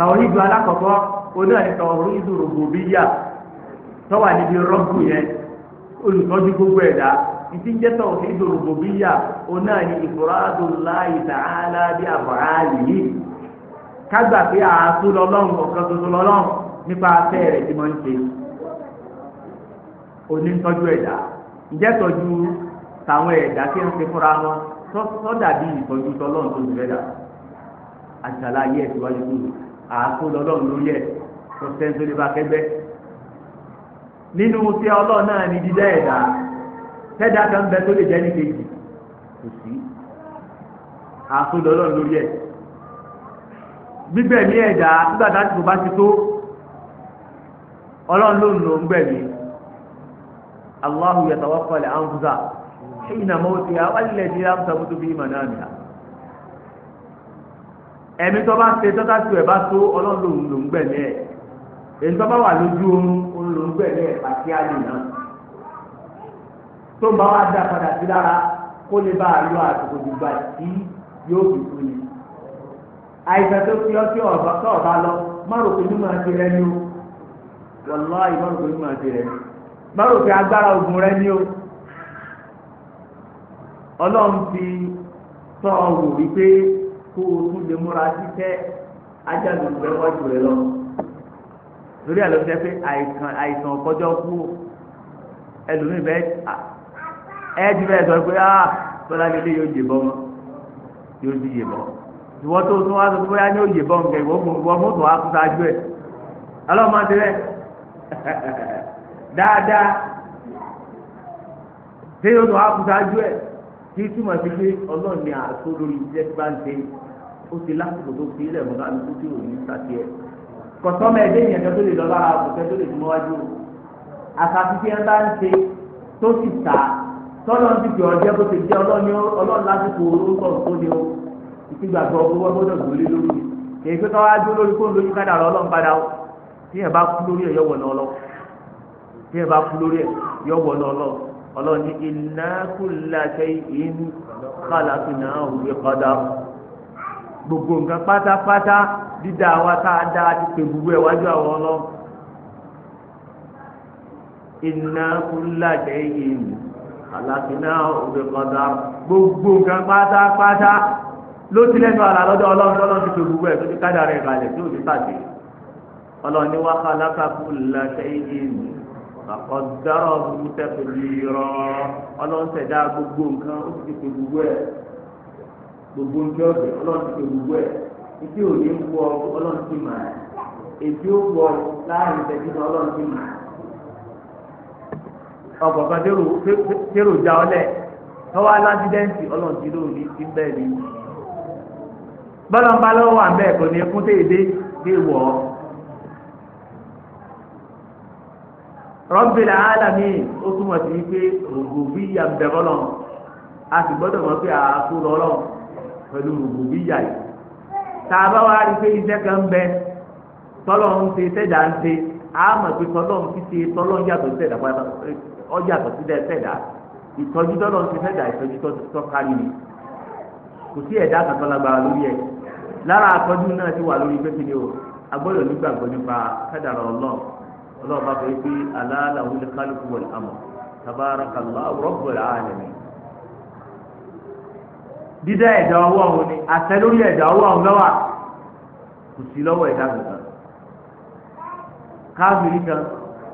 tàwọ̀lídù alákọ̀ọ́kọ́ oní àti tàwọ̀lídù rògbòbíyà tọ́wà níbi rọ́bù yẹn olùtọ́jú gbogbo ẹ̀dá ìdí ń jẹ́ tàwọ̀lídù rògbòbíyà oní ìfúrádù bí yìí kágbà pé àásù lọ́lọ́run ọ̀kan tuntun lọ́lọ́run nípa afẹ́ rẹ̀ ń ṣe onítọ́jú ẹ̀dá tọ́jú tàwọn ẹ̀dá ń ṣe fúnra wọn ìtọ́jú tọ́lọ́run tó ń ẹ̀ àákó lọ́lọ́run lórí ẹ̀ tó sẹ́ńtò lè bá kẹ́gbẹ́. nínú tí ọlọ́run náà ní dídá ẹ̀dá tẹ́dá kan bẹ tó lè jẹ́ ní kejì kò sí àákó lọ́lọ́run gbígbẹ̀mí ẹ̀dá nígbà kò bá ti tó ọlọ́run ló ń lò ń gbẹ̀mí ẹ̀mí tó bá ṣe tọ́ka tó ẹ̀ bá tó ọlọ́run lòun lòun gbẹ̀mí ẹ̀ èyí tó bá wà lójú oorun òun lòun gbẹ̀mí ẹ̀ pàṣẹ àlè náà tó ń bá wá dá padà a lọ àsìkò dìgbà tí yóò fi kú ni àìsàn tó fi ọtí ọ̀bá tó ọ̀bá lọ márùn kò ní máa ti rẹ o ti rẹ ogun rẹ o ọlọ́run ti kó o tún lè múra títẹ́ ajáde ìgbẹ́ wájú rẹ lọ. lórí àlọ́ jẹ́ pé àìsàn àìsàn ọ̀kọ́jọ́ kú ẹlòmíì bẹ́ẹ̀ ẹ́ẹ́dì bẹ́ẹ̀ sọ pé áà tọ́lá nílé yóò jè bọ́ mọ́ yóò sì jè bọ́. ìwọ tó tún wá sọ pé bóyá ní yóò jè bọ́ nǹkan ìwọ fún ìwọ fún tòun akúta ajú ẹ̀ ọlọ́mọ ti rẹ̀ dáadáa tí yóò tòun akúta ajú ẹ̀ kí túmọ̀ sí pé ọlọ́run ni àtó lórí iṣẹ́ tí bá ń ṣe ó ti lásìkò tó fi ilẹ̀ mọ́tà lóko tí òun ń sàkí ẹ̀. kọ̀tọ́mọ̀ ẹ̀dẹ́ ìyẹn tó lè lọ lára àbùkẹ́ tó lè tún wájú àtàkì tí ẹ bá ń ṣe tó sì tà tọ́lọ́ ti fi ọ̀jẹ́ bó ti jẹ́ ọlọ́run lásìkò orúkọ tó ni ó ìtìgbàgbọ́ owó gbọ́dọ̀ gbòlé lórí èyí pé káwá dúró lórí kó lóyún ká dàrọ ọlọ́run padà ó tí ẹ bá kú lórí ẹ yọ̀wọ̀ náà lọ tí ẹ bá kú ọlọ́run ní inna kulla shay'in khalaqnahu bi qadar gbogbo nǹkan pátápátá dídá wa tá a dá a ti pè gbogbo ẹ̀ wájú àwọn ọlọ́run inna kulla shay'in khalaqnahu bi qadar gbogbo nǹkan pátápátá ló ti lẹ́nu àlà lọ́dọ̀ ọlọ́run tó lọ́n ti pè gbogbo ẹ̀ tó ti kádà rẹ̀ kalẹ̀ tó ti pàṣẹ ọlọ́run ní wa khalaqa kulla shay'in. fàkọ̀dárọ̀ burú tẹ̀sán yìí rọ ọlọ́ọ̀tẹ̀dá gbogbo nǹkan ó ti tètè gbogbo ẹ̀ gbogbo ńjọ́ ọ̀dẹ̀ ọlọ́ọ̀tẹ̀ tètè gbogbo ẹ̀ etí òní ń wọ ọlọ́ọ̀tẹ̀ mà á etí ó wọ láàrin tẹ̀sí ní ọlọ́ọ̀tẹ̀ mà tẹ́rò já tọ́wọ́ ọlọ́ọ̀tẹ̀ Rabbil alamin ó túmọ̀ sí wípé rògbòbíyà ń a sì gbọ́dọ̀ mọ̀ a bá wá rí pé iṣẹ́ kan ń bẹ tọ́lọ́ ń ṣe sẹ́dá ń ṣe á mọ̀ pé tọ́lọ́ ń ṣe tọ́lọ́ ń yàtọ̀ sẹ́dá ọ̀yàtọ̀ sí sẹ́dá ìtọ́jú tọ́lọ́ ń ṣe sẹ́dá ìtọ́jú tọ́ kárí ni kò sí ẹ̀dá kan tó lórí ẹ̀ lára ọlọ́run bá fẹ́ pé aláàlá wọlé kálukú wọlé amọ̀ tabarakallahu rabbul alamin. dídá ẹ̀dá ọwọ́ ọ̀hún ni àtẹ lórí ẹ̀dá ọwọ́ ọ̀hún lọ́wọ́ kò sí lọ́wọ́ ẹ̀dá kankan. káàbìrì kan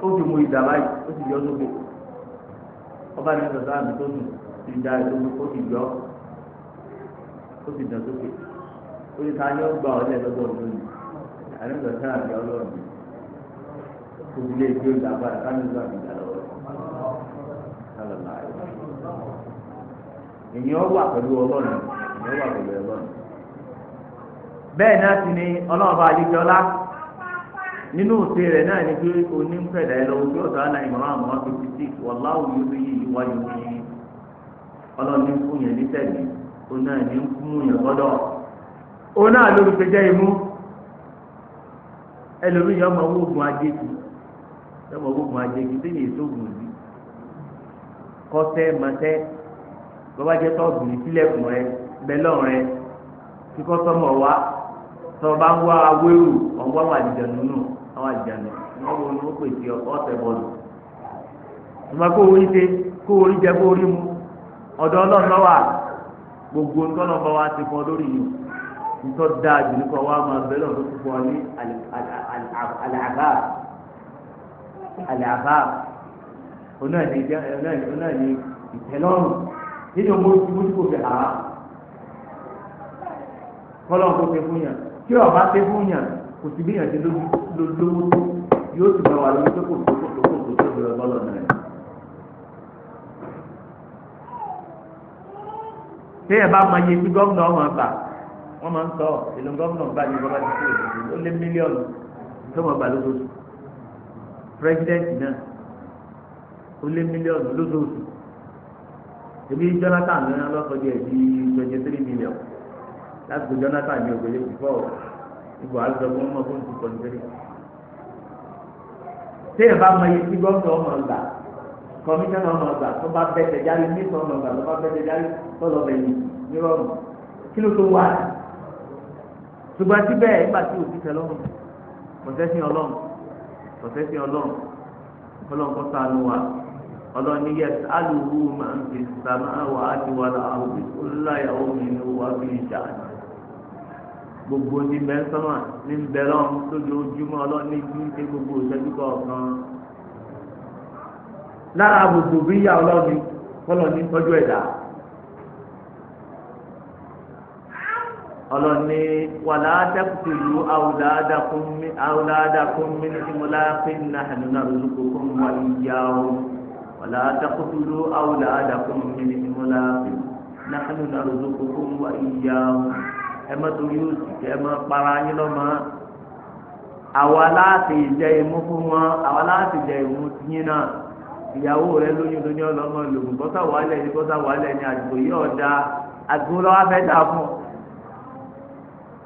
ó ti mú ìdàbá yìí ó ti yọ sóko ọba ní ọ̀sán àmì tó sùn ti da ó ti yọ ó ti dàn sókè ó ti ta yọ gbà ọ́ lẹ́ẹ̀dọ́gbọ̀n lónìí àrùn ọ̀sán àmì ọlọ́run ilé tí ó gbà padà ká nínú àbíjà lọ́wọ́ sálọ̀lá ènìyàn wà pẹ̀lú ọlọ́run ènìyàn wà pẹ̀lú ọlọ́run. bẹ́ẹ̀ náà ọlọ́run bá lá nínú òsè rẹ̀ náà ni pé ìmọ̀ràn àmọ́ fifty six wàláwù yóò fi wáyé fún yẹn ní tẹ̀lé ní fún yẹn gbọ́dọ̀ lórí pé jẹ́ imú ẹlòmíyàn ẹmọ ogun àjẹjì tẹ́lẹ̀ èso ògùn sí kọ́tẹ́ mọ́tẹ́ ní sílẹ̀kùn rẹ bẹ́lọ̀ rẹ kíkọ́ sọ́mọ̀ wá tọ́ba ń wá awérò ọ̀gbọ́n àwọn àdìjànú nù àwọn gbogbo nǹkan náà bá wá ti fọ́ lórí yìí nítorí dáa jù ní kọ́ àlàbà onáà ní ìtẹ́lọ́rùn nínú mojúkò fi hà á kọ́lọ́ kó ṣe fún yàn tí ọba ṣe fún yàn kò sí bí yàn ṣe lówó tó yóò sì máa wà lórí pé kò tó kò tó kò tó tó lọ bọ́lọ̀ náà. téèyàn bá máa yẹ kí gómìnà ọmọ àgbà wọn máa ń sọ èlò gómìnà ọgbà ní bọ́lá ti tó ìdìbò ó lé mílíọ̀nù tó wọn gbà lóṣooṣù pírẹsidẹ́ǹtì náà ó lé mílíọ̀nù lóṣooṣù ebi Jonathan ló ń lọ́sọ̀ díẹ̀ di twenty three million láti gbé Jonathan ní ògbélé fífọ́ ibò alùpùpù ọmọ fún two point three téèyàn bá mọ iye tí gọ́ọ̀sì ọmọ ọgbà kọmíṣánná ọmọ ọgbà tó bá bẹ́tẹ̀ jáde mísọ̀ ọmọ ọgbà tó bá bẹ́tẹ̀ jáde tọ́lọ̀ bẹ̀yìn nírọ̀rùn kí ló tó wà ṣùgbọ́n síbẹ̀ nígbà tí òbí tẹ lọ́rùn kò sẹ́sìn ọlọ́run kọ̀sẹ́ sí ọlọ́run ọlọ́run kọ́ sánú wa ọlọ́run ní yẹ alùpùpù máa ń fi sàmà wà á ti wà láàrúbí olùláyàwó mi ní wà bí ìjà àná gbogbo ní mẹ́sánmà ní bẹ́lọ́n lójoojúmọ́ ọlọ́run ní bí ṣe gbogbo ìṣẹ́jú kọ̀ọ̀kan lára gbogbo bí ìyá ọlọ́run kọ́lọ́ ní tọ́jú ẹ̀dá. ọlọ́ni wàlá dàkùtìlú àwùládàkùn mímú ìmúláàfin náà nínú àrùsùkùkùn wà ìyá o wàlá dàkùtìlú àwùládàkùn mímú ìmúláàfin náà nínú àrùsùkùkùn wà ìyá o ẹ má torí òsì kẹ ẹ má para yín lọ́mọ àwa láti jẹ ìmú fún wọn àwa láti jẹ ìmú yín náà ìyàwó rẹ lóyún lóyún ọlọmọ lòun kọ́sà wàálẹ̀ ni kọ́sà wàálẹ̀ ni àdìgbò yìí ọ̀dà àdìgbò lọ́wọ́ fẹ́ dà fún un.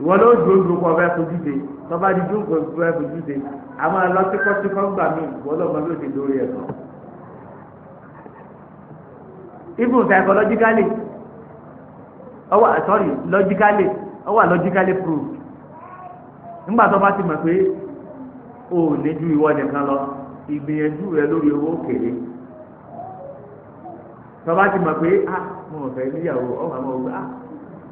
ìwọ ló dùn dùn kọ ọbẹ fojú de di dùn kọ ọbẹ fojú de gbà mí lórí psychologically sorry logically logically proof nígbà tó bá ti mọ̀ pé o ò ní ju ìwọ nìkan lọ ìgbìyànjú rẹ lórí owó kéré tọba ti mọ̀ pé ah mo fẹ́ níyàwó àwọn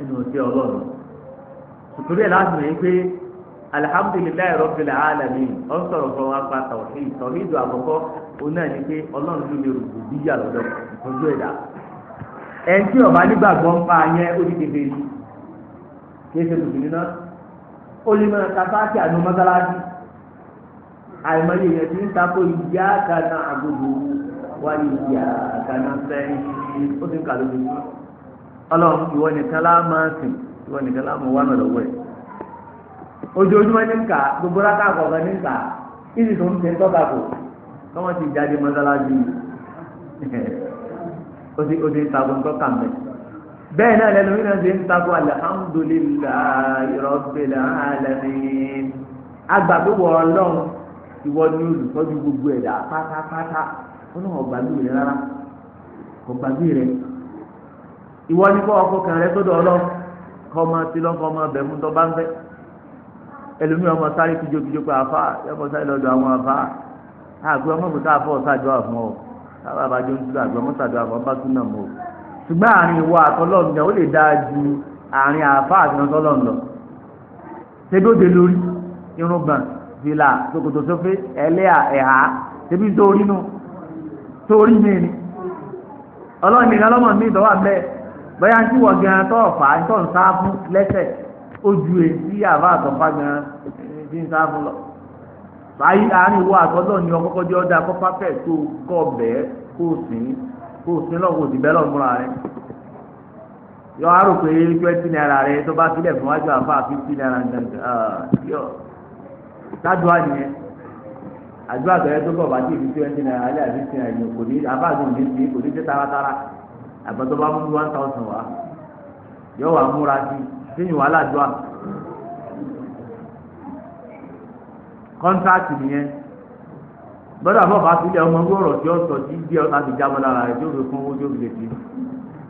nínú sí ọlọ́run sùkúrú ẹ̀ láti rẹ̀ pé alihamudulilayi rabbil alamin ọ̀ ń sọ̀rọ̀ fún wa pa tawhid tawhid àkọ́kọ́ òun náà pé ọlọ́run ló lè rògbò bíyà lọ́dọ̀ ìtọ́jú ẹ̀dá nígbàgbọ́ ń pa yẹn ó kéde yìí kí ẹ ṣe àná mọ́sálásí ọlọ́run ìwọ nìkan lá máa wà náà lọ́wọ́ ojoojúmọ́ ní nkà gbogbo rákà kọ̀ọ̀kan ní nkà ìdí tó ń ṣe tọ́ka kò kọ́mọ́ ti jáde mọ́sálásí o ti tako nǹkan mẹ́ bẹ́ẹ̀ náà lẹ́nu yìí náà ń ọlọ́run gbogbo ẹ̀dá pátápátá ó náà rárá ìwọ ni kọ́ ọkọ kan rẹ tó dọ̀ ọlọ́ kọ́ ọmọ ti lọ́ kọ́ ọmọ bẹ̀ mú tọ́ bá ń fẹ́ ẹlòmíì ọmọ sáré kíjokíjo pé àfa ẹ̀fọ́ sáré lọ́dọ̀ àwọn àfa àgbẹ̀ ọmọ kò sáà fọ́ ọ̀sájọ́ àfọ́ ọ sábà bàjọ́ ń tú àgbẹ̀ ọmọ sàdọ̀ àfọ́ bá tún náà mọ́ o ṣùgbọ́n àárín ìwọ àtọ́lọ́ọ̀nù ó lè dáa ju àárín àfa àti ọ̀tọ́lọ́ọ̀nù lọ ni ọlọ́ọ̀nì kan mi ìtọ́wà bẹ́ẹ̀ bẹ́ẹ̀ àti wọ̀ gan tó ọ̀fà tó ń sáfún lẹ́sẹ̀ ojú ẹ̀ sí àbá àtọ̀fà gan eh, ti ń sáfún lọ. báyìí àárín ìwọ àtọ́lọ́ ni ọkọ́kọ́ jẹ́ ọdẹ akọ́fà fẹ̀ tó kọ́ bẹ́ẹ̀ kó sìn kó sìn lọ́wọ́ kò sì bẹ́ẹ̀ lọ́ọ̀ múra rẹ̀. yọ arò pé twenty naira rẹ tó bá sílẹ̀ fún wájú àfa fifty naira ah, yọ ládùú àyẹn àdúrà bẹ̀rẹ̀ tó kọ̀ bá tí ì fi twenty naira alẹ́ àti fifty ní àbá àgbàdo bá mú one thousand wá yọ wà múra sí sẹ́yìn wàhálà dùà kọ́ńtráàtì nìyẹn gbọ́dọ̀ àfọwọ́fà sílẹ̀ ọmọ gbọ́rọ̀ tí ó sọ tí bí ọ̀tá ti jábọ̀ lára rẹ̀ tí ó fi kún owó tí ó fi lè fi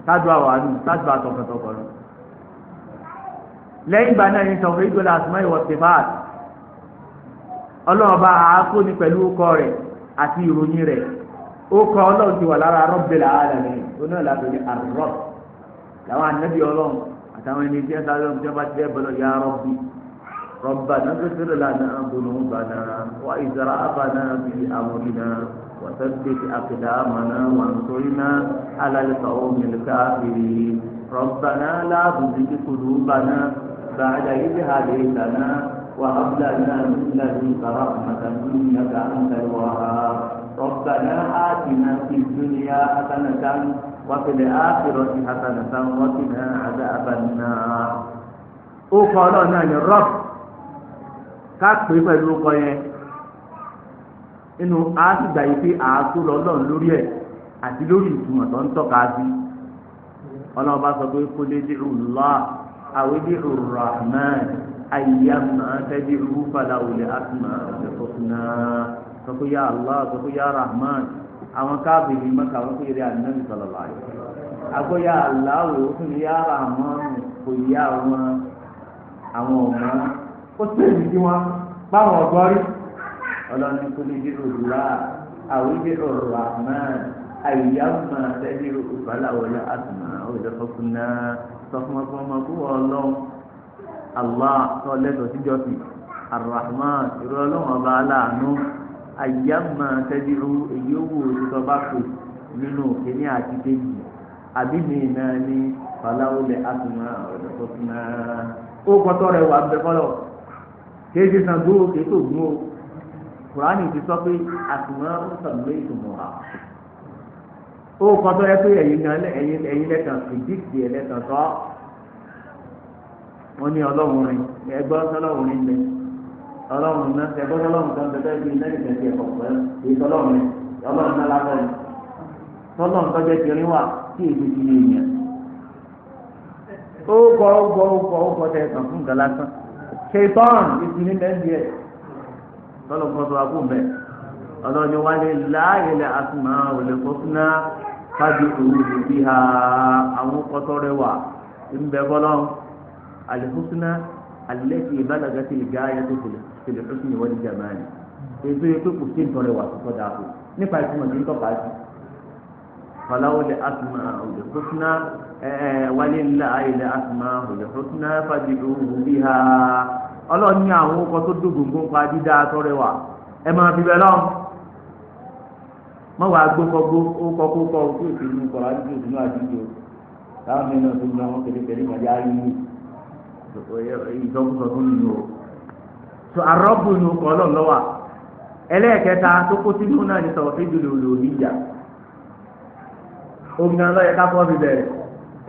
tájú àwọn àánú tájú àtọkọtọkọ rẹ̀ lẹ́yìn ìgbà náà ní sọ̀rọ̀ ìgbọ́lá àtúmọ̀ ìwọ̀ tìfáàt ọlọ́ọ̀bá àákóni pẹ̀lú ọkọ rẹ̀ àti ìròyìn rẹ̀ ó kọ ọlọ́run ti wà lára rọ́bìlà àdàmì oní ọ̀làdùn ní àrọ́ làwọn ànábì ọlọ́run àtàwọn ẹni tí ẹ sáré ọ̀hún tí wọ́n bá ti bẹ́ẹ̀ bọ́lọ̀ yá rọ́bì rọ́bà náà tó tẹ́lẹ̀ lánàá bọ̀lọ̀ ń wà ìzara àbà náà fi wà sẹ́gbẹ̀ ti àkìdá wà nítorí alálẹ́ sọ̀rọ̀ mẹ́lẹ́ká àfìrí rọ́bà náà láàbù dídí kùdù bà bàdà yìí hàdé lánàá wà ábùdá náà nílẹ̀ ní ربنا آتنا في الدنيا حسنة وفي الآخرة حسنة وقنا عذاب النار ó kọ ọlọ́run náà ní rọ́ọ̀f ká pè é pẹ̀lú ọkọ yẹn nínú lórí ẹ̀ àti lórí ìtumọ̀ tó ń tọ́ka sí ọlọ́run bá sọ pé òlẹ̀ sọ pé ya Allah sọ pé ya Rahman àwọn káàbìrì mẹ́ka wọ́n pé eré ànábì sallallahu alaihi wasallam àgọ́ ya Allah wò ó fún mi ya Rahman kò yá àwọn àwọn ọ̀mọ́ ó tẹ̀lé bí wọn báwọn ọ̀gbọ́rí ọlọ́ni kò ní dírò rúra àwọn ìdírò Rahman àyàmà tẹ́lẹ̀ òbálàwọlé àtùmá òjò fọkùnà sọfúnmọ́fúnmọ́ kú ọlọ́run Allah tọ́lẹ́tọ̀ síjọ́sìn Ar-Rahman ìrọ̀lọ́wọ́n ọba aláàánú àyàmà tẹ́bírú èyí owó òṣìṣọ́ bá pè nínú òkèlè àti kejì àbí mìíràn náà ní fàlàwọlẹ̀ àtúmọ̀ ọ̀rẹ́ fọ́túnà. ó kọ́tọ́ rẹ̀ wà bẹ́ẹ̀ fọlọ́ kìí ṣe sàn dúró kìí tó gún o kùránì ti sọ pé àtúmọ̀ ọ̀sán lé ìtumọ̀ ha ó kọ́tọ́ rẹ pé ẹ̀yin lẹ́tàn fìdíkì ẹ̀ lẹ́tàn sọ wọ́n ní ọlọ́run rìn ẹgbẹ́ ọlọ́run rìn lẹ́yìn. ọlọ́run náà ṣe gbọ́dọ̀ ọlọ́run kan bí ẹ̀kọ́ pẹ́ ọlọ́run náà lábẹ́ tọ́lọ́run wà ti ó ó ó ó fún ẹ̀ tọ́lọ́ kan tó kó mẹ́ ọlọ́run ni wálé òlè fájú òwú ha àwọn kọ́tọ́ rẹ tẹlẹ fúnfún ìwọ ní jamani ètò yẹ pé kò sí nǹkan rẹ wà tó tọ́da kù nípa ìtumọ̀ ní tọ́ka sí. falawo le asuma òde husna wálé ńlá ayé le asuma òde husna fàdí òhùn bí ha ọlọ́run ní àwọn ọkọ̀ tó dógóńgó pa dídá tọ́rẹ́wà ẹ máa fi bẹ́ẹ̀ lọ́wọ́ mọ wàá gbókọgbó ókọkókọ ojú ìfìlú kọlá dídú ìdúná àdúgbò táwọn mẹ́rin náà tó ń lọ wọn kẹlẹkẹlẹ ìgbàdí ayé yìí ìsọkúsọ tó nìyí o. tó arọ́bù ni ó kọ́ ẹlẹ́ẹ̀kẹta tó kó sínú náà ní sọ̀rọ̀ fíjì lòlò níjà omi na lọ́yẹ ká fọ́ọ́ bẹ̀rẹ̀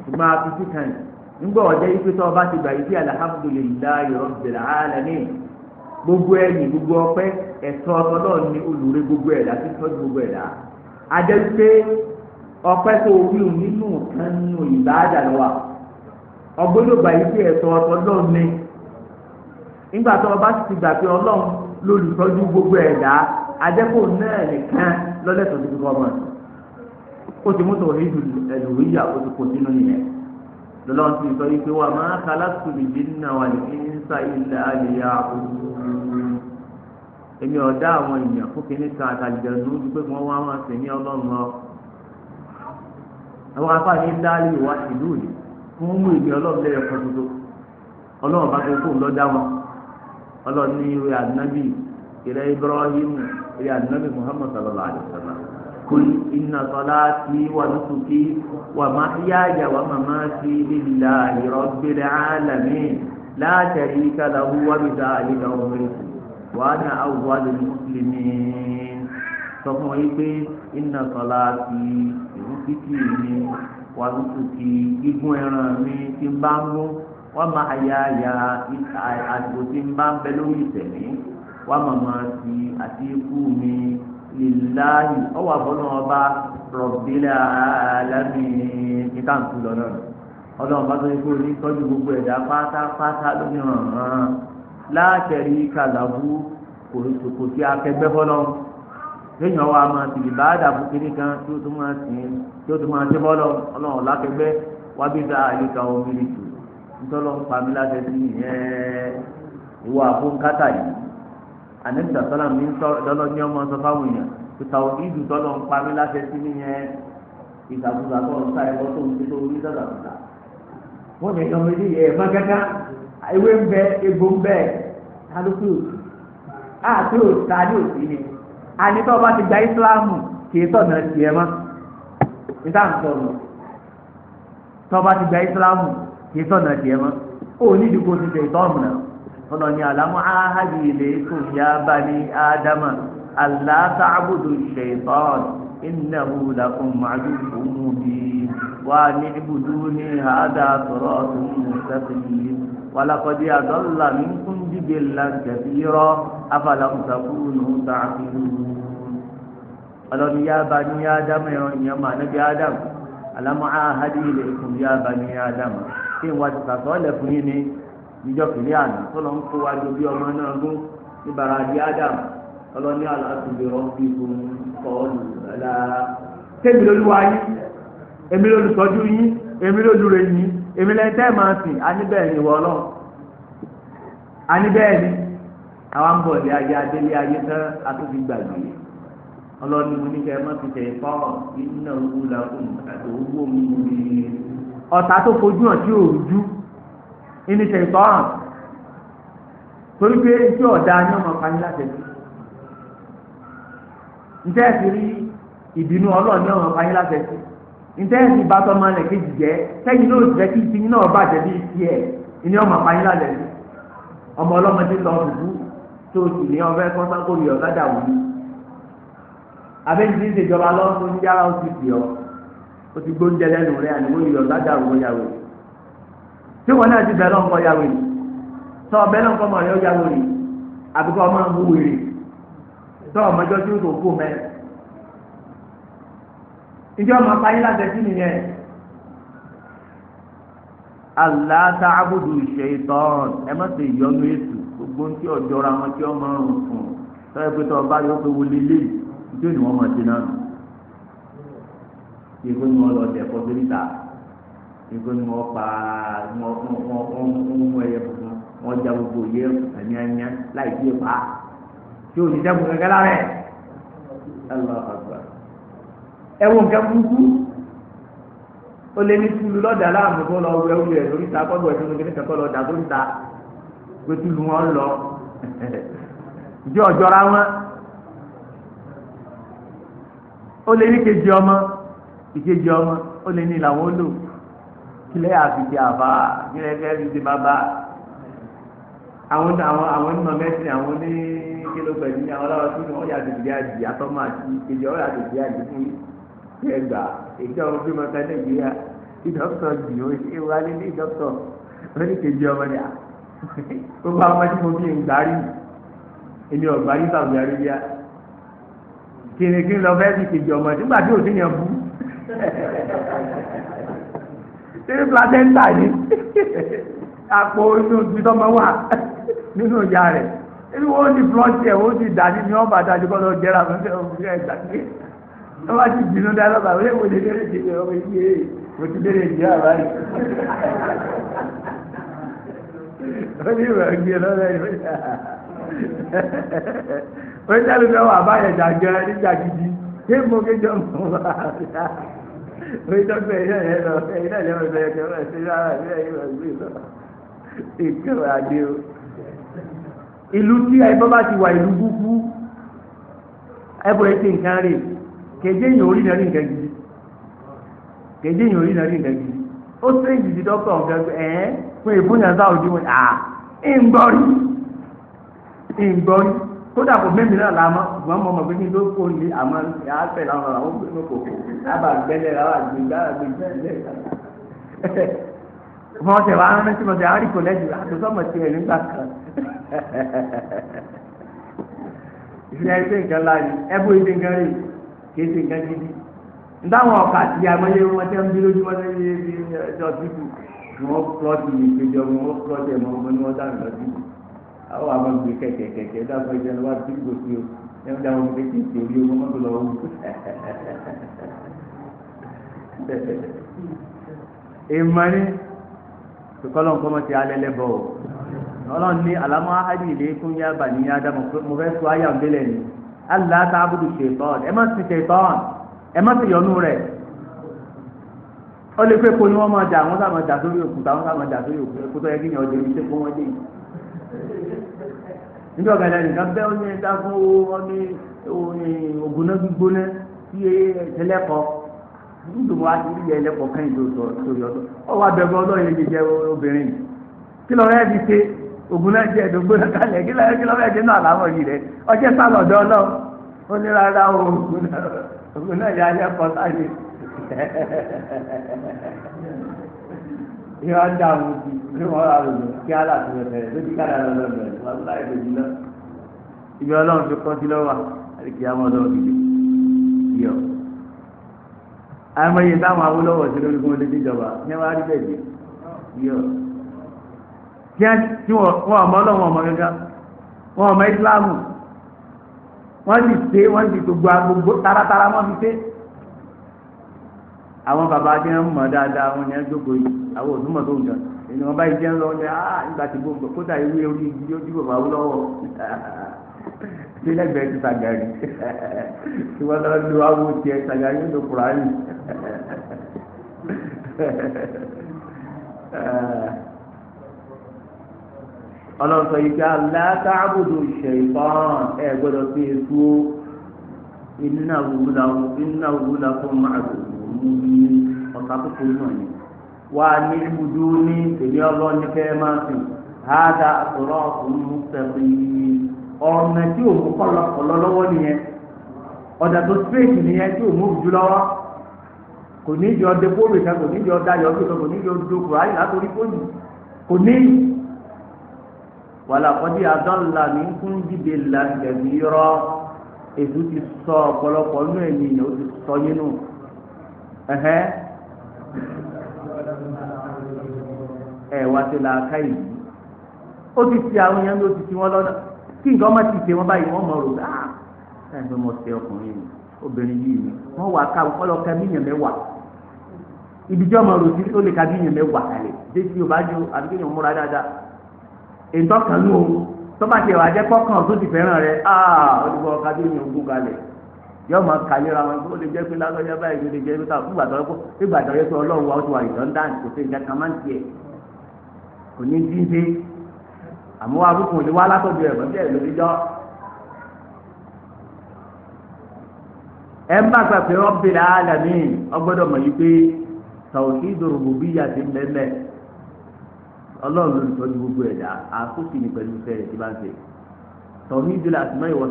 ṣùgbọ́n a kan nígbà ọ̀jẹ́ yìí ọba ti gbà yìí sí gbogbo ẹ̀yìn gbogbo ọpẹ́ ẹ̀tọ́ ọlọ́run ní gbogbo ẹ̀dá tí tọ́jú gbogbo ẹ̀dá adé pé ọpẹ́ tó nínú kan ìbáàdà lọ́wọ́ ọgbọ́dọ̀ gbà yìí ẹ̀tọ́ nígbà tó o bá ti gbà pé ọlọ́run lólùtọ́jú gbogbo ẹ̀dá ajẹ́kò náà nìkan lọ́lẹ́tọ̀ọ́ ti kọ́ ọmọ o ti mú tòun ẹlòmíyà o ti kò sínú nìyẹn lọ́lọ́run ti sọ yìí pé wà máa kálá tùbí dínà wà ní ìnsá ilẹ̀ àlèyà èmi ọ̀dá àwọn èèyàn fún kínní kan àtàlìjẹ̀nu ju pé wọ́n wá wọn sèmi ọlọ́run lọ àwọn afáàní dálé ìwà ìlú yìí fún mú èmi ọlọ́run lẹ́yọ̀ kan tuntun ọlọ́run bá tó kó lọ́dá wọn ọlọ́ni ìwé ànábì ìrẹ́ Ibrahim ìrẹ́ ànábì Muhammad sallallahu alayhi wa sallam kul inna salati wa nusuki wa mahyaya wa mamati lillahi rabbil alamin la sharika lahu wa bidhalika umirtu wa ana awwalul muslimin sọ fún wọn yìí pé inna salati ìrúkìkì mi wa nusuki gígùn ẹran mi ti bá ń mú wọ́n máa ya ya àsìkò tí ń bá ń bẹ lórí ìtẹ̀mí wọ́n máa máa fi àti ikú mi lillahi ọwọ́ àbọ̀nà ọba rabbil alamin níta ń tu lọ́nà ọlọ́run bá tó ní kó ní tọ́jú gbogbo ẹ̀dá pátápátá lómi ràn án látẹ̀rí kàlàbù kò sí akẹgbẹ́ fọlọ́ lẹ́yìn ọwọ́ àmọ́ tìlì bá dàbò kínní kan tí ó tún máa sìn tí ó tún máa ṣe fọlọ́ ọlọ́run lákẹgbẹ́ wábí dáa yìí ká omi nìtú ntọ́lọ́ ń pa mí láti ẹbí ẹ̀ ìwọ àfọ̀nkátà yìí ànẹ́tìtà sọ́lá mi ń sọ ìdọ́lọ́ ní ọmọ sọ fáwọn èèyàn ìtàwọn ìdù tọ́lọ́ ń pa mí láti ẹbí mi yẹn ìtàkùnà tó ń ta ẹ̀kọ́ tó ń ti tó orí dọ́là kùtà. wọ́n ní ọmọ ilé yẹn má kẹ́kẹ́ ewé ń bẹ egbò ń bẹ alùpùpù àti òòtà òsì ni ànitọ́ bá ti gba ìsìláàmù kì í tiẹ̀ mọ́ níta ń tọ́ bá ti gba ìsìláàmù kì í sọ̀nà tiẹ̀ mọ́ ó ní ìdíkò ti tẹ̀ ìtọ́ọ̀mù náà ọ̀nà ni àlámú áhàbì ilé kò yá bá ní ádámà aláàtàbùdù ṣètọ́ọ̀n ìnáwó làkùn màálù òmù bí wà ní ibùdó ní àádá sọ̀rọ̀ ọ̀tún mùsàkìlì wàlàkọ̀dé àdọ́là ní kún dìbè làǹkẹ̀sí rọ afàlàmùsàkùnù tààkìlù ọlọ́ni yá bá ádámà ẹ̀rọ ìyẹn mà níbi ádámà àlámú áhàbì ilé kò yá bá ádámà kí n wá ti sàtọ́lẹ̀ fún yín ní níjọ́ kìlí àná tọ́lọ́ ń kó wa ju bí ọmọ náà gún ní baradi adam ọlọ́ní aláàtúndì rọ́bì fún kọ́ọ̀lù ẹ̀la. tẹ́mi lóluwa yín èmi lólùsọ́jú yín èmi lólùrẹ̀ yín èmi lẹ́yìn tẹ́ máa sìn aníbẹ̀ẹ́ ni wọ́ọ́ lọ́wọ́ aníbẹ̀ẹ́ ni àwọn ń bọ̀ ní ayé adélé ayé tán atúndì gbàgbé ọlọ́ni mo ní kẹ́ ẹ má fi tẹ̀ fọ́ọ̀ iná ọ̀tá tó fojú hàn tí ò rújú ẹni tẹ̀ ìtọ́ hàn torí pé tí ọ̀dà ni ọmọ kan láti ẹ̀sìn ntẹ́ ẹ̀sìn rí ìbínú ọlọ́ọ̀ ni ọmọ kan láti ẹ̀sìn ntẹ́ ẹ̀sìn bá tọ́ ọmọ rẹ̀ kejì jẹ́ sẹ́yìn ló jẹ́ kí ti náà bàjẹ́ bí tiẹ̀ ni ọmọ kan láti ẹ̀sìn ọmọ ọlọ́mọdé lọ rújú tó o sì ní ọbẹ̀ kọ́sánkórì ọ̀gádà wù mí abẹ́ni ń ṣèjọba lọ́wọ́ o ti gbóúnjẹ lẹ́nu rẹ àníwó yọ ládàá òwò yàwó tí wọn náà ti bẹ̀ lọ́nkọ yàwó yìí tọ́ ọbẹ̀ lọ́nkọ mọ̀ yọ yàwó yìí àbíkọ́ ọmọ ń wúwo yìí tọ́ ọmọjọ́ tí ó tó kó mẹ́. ìjọ máa fa yín lágbẹ̀sí nìyẹn. Allah ta'budu shaytan ẹ má ṣe ìyọnu èsù gbogbo tí ọjọ́ ra wọn tí ọmọ rùn fún un tọ́ ẹ pé tọ́ ọba yóò pé wọlé lé ikú ni wọ́n lọ dẹ̀ kọ́ sórí ta ikú ni wọ́n pa wọ́n wọ́n mú ẹyẹ funfun wọ́n ja gbogbo yẹ ẹ̀míẹ̀míẹ̀ láì sí ipa tí o ti dẹ́kun kẹ́kẹ́ lára ẹ̀ ẹ lọ àgbà ẹ wo nǹkan kúkú ó lé ní tulu lọ́dà láàmú kó lọ wẹ wúlò ẹ̀ lórí ta kọ́ bọ̀ ẹ̀ tó lọ dà sórí pé tulu wọn lọ ìdí ọ̀jọ́ra wọn ó lé ní kejì ọmọ ìkejì ọmọ ó lé ní làwọn ó lò kílẹ̀ àbìjẹ àbá kílẹ̀ kẹ́rin ti bàbá àwọn àwọn àwọn onímọ̀ mẹ́sìn àwọn ní kíló pẹ̀lú ní àwọn ọlọ́wọ́ sínú ọ̀yà àbìjẹ àjì àtọ́mọ àti ìkejì ọ̀yà àbìjẹ àjì fún ẹgbà èdè ọmọ bí wọn kẹ́lẹ́ ìgbé ya ìdọ́kítọ̀ jù ó ṣe wá lé ní ìdọ́kítọ̀ oníkejì ọmọ ni à gbogbo àwọn ọmọdé mo bí ń gbárí èmi ọ̀gbárí sàgbárí yá kìnìkìnì lọ fẹ́ẹ́ bí ìkejì ọmọ nígbà tí òsì ṣé placenta ni àpò inú ibi tó máa wà nínú ìyá rẹ̀ ebi wo ni blọọti ẹ wo ti dani ni ọba dani kọlọ jẹra fẹfẹ ọmọdé ẹ gbàgbé ọba ti bínú dá lọba wọlé wo ni lérè ti ọmọ yìí ẹ mo ti lérè ìdí àbá yìí wọ́n ní ìwà gbé lọ́rẹ́ yìí wọ́n ní sálùmẹ́wà àbáyẹ̀dà gan nígbà gidi kéèmó kéjọ́ mọ́ wá orí dọ́gbẹ́ iná yẹn lọ ẹ̀yin náà lẹ́wọ̀n ìbẹ̀rẹ̀ kẹ́ ọ̀rọ̀ ẹ̀sìn rárá ìbílẹ̀ yìí wọ̀ gbé lọ. ìkẹwàá adé o. ìlú tí ẹbọ bá ti wà ìlú gúgú ẹbọ ẹ ti nǹkan rè kéde yìí orí náà rí nǹkan gidi kéde yìí orí náà rí nǹkan gidi ó sẹ́ ìdìdì dọ́kítọ̀ nǹkan ẹ̀ fún ìbúnyàn sáà òdiwọ̀n à ń gbọ́rí ń gbọ́rí kódà kò mẹ́mi náà làmọ́ ṣùgbọ́n mo mọ̀ pé kí n tó kó lé àmọ́ àpẹ̀ làwọn làwọn gbé ní kòkó lábà gbẹ́lẹ̀ làwọn àgbè gbára gbé gbẹ́lẹ̀ wọ́n tẹ̀ wá rántí mo tẹ̀ àárí kò lẹ́jù àtúntò mọ̀ tiẹ̀ nígbà kan ìfìyà ìfẹ́ nǹkan láàyè ẹ̀bù ìdí nǹkan rè kìí ṣe nǹkan gidi ntáwọn ọ̀kà àti àmọ́yé wọn tẹ́ ń bí lójúmọ́ lẹ́yìn ẹjọ́ síkù wọn kúrọ́ọ̀tì ìgbẹ́jọ́ wọn kúrọ́ọ̀tì ẹ̀mọ́ ọmọ ni wọ́n dànù lọ́síkù àwọn àwọn gbé kẹ̀kẹ́ kẹ̀kẹ́ dáfọ ìjẹun wá sí gbòsí o ẹnu dáhùn mi kékeré ti orí ogun mọ́tò lọ́wọ́ wù. èèmọ̀ ni tòkọ́lọ́n kọ́mọ ti alẹ́ lẹ́bọ̀ o ọlọ́run ní àlámọ́ áhádì ilé fún yá bà ní ádámù mo fẹ́ sọ ayé àgbélẹ̀ ni alá ta abudu ṣètọ́n ẹ má ti ṣètọ́n ẹ má ti yọnu rẹ̀ ó lè fẹ́ kó ni wọ́n máa dà wọ́n sá máa dà sórí òkúta wọ́n sá máa dà sórí òkúta kótó yẹ kí ni ọjọ́ níbi ọ̀gádà nìkan bẹ́ẹ̀ ó ní ẹ̀dá fún owó ní ògùnà gbígbóná sí ẹlẹ́kọ̀ọ́ ẹlẹ́kọ̀ọ́ kan ìlú sórí ọ wá bẹ̀rẹ̀ ọlọ́run jẹ obìnrin kí lọ́rọ́ ẹ̀ fi ṣe ògùnà jẹ kalẹ̀ kí lọ́rọ́ ẹ̀ yìí rẹ ó ní rárá ògùnà ògùnà yà á yẹ kọ́ ní wọn dá àwọn ojú ní wọn rà lòlò kí aláàtú rẹ tẹ́lẹ̀ lójú kára lọ lọ bẹ́ẹ̀ wọn láì lòdì lọ ibi Ọlọ́run ti kọ sí lọ́wọ́ àdìkì àwọn ọ̀dọ́ òbí yọ. àmọye táwọn Awólọ́wò sí lórí fún olójú ìjọba ní wọn á rí bẹ́ẹ̀ dé yọ. kí wọn ọmọ Ọlọ́run ọmọ gángan wọn ọmọ Ìsìlámù wọn sì ṣe wọn sì gbogbo taratara wọn fi ṣe àwọn bàbá tí wọ́n mọ̀ dáadáa wọn ni wọ́n jókòó yìí àwọn òdúmọ̀ tó ń jọ èyí wọn báyìí jẹ́ lọ ní ah ìgbà tí gbogbo kódà ìwé orí igi ojú bàbá wú lọ́wọ́ tí lẹ́gbẹ̀ẹ́ ti sàgàrí tí wọ́n lọ lu awo tiẹ̀ sàgàrí ló kura yìí yìí ká látàbùdù ṣẹ̀tàn ẹ̀ gbọ́dọ̀ sí èso iná wúlà fún màdùn ní ọ̀sà kúkúrú náà ni wà ní ibùdó ní èmi ọlọ́ni kẹ́ máa sìn hádà àtọ̀rọ̀ ọ̀hún sẹ́kùn yìí ọ̀nà tí òun kọ́ lọ lọ́wọ́ nìyẹn ọ̀dà tó straight nìyẹn tí òun jù lọ́wọ́ kò ní jọ depóbì kan kò ní jọ dayọ̀ bí kan kò ní jọ dókòó ayé látòrí fóònù kò ní wàlàkọ́dí adọ́là ní kún dìde làǹdẹ̀bí rọ èso ti sọ ọ̀pọ̀lọpọ̀ nínú ẹ̀yìn ó ti sọ yín nù ẹhẹ ẹ wá sí làákà yìí ó ti ti àwọn yẹn ló ti ti wọn lọ́nà kí nǹkan má ti tẹ wọn báyìí wọn mọ rò bá ah! ẹ fẹ́ mọ tẹ ọkùnrin yìí obìnrin yìí ni wọn wà ká ọlọ ká míyàn mẹ́wàá ibijọ́ mọ rò sí ó lè ka míyàn mẹ́wàá kalẹ̀ déjì ò bá jó àbí kéèyàn múra dáadáa ètò kan nù o tọ́ba tiẹ̀ wà jẹ́ kọ́kàn tó ti fẹ́ràn rẹ̀ áà ah! ó ti ká yọ máa kàlera wọn kó lè jẹ pé lágbájá báyìí ló lè jẹ pé káwọn fúgbà tọrọ kó fúgbà tọrọ pé ọlọ́run wa ó ti wà ìtàn dáhùn kò sí nǹkan kan máa ń tiẹ̀ kò ní dídé àmọ́ wa fún kò wá látọ̀jú ẹ̀ mọ́ bẹ́ẹ̀ lórí jọ́ ẹ má gbà pé Rabbil Alamin ọgbọ́dọ̀ mọ̀ yìí pé tawhidur rububiyyah ti mẹ́mẹ́ ọlọ́run ló ń tọ́jú gbogbo ẹ̀dá àkóso ní pẹ̀lú fẹ́ẹ̀ tí bá ń ṣe tawhidul asma'i wa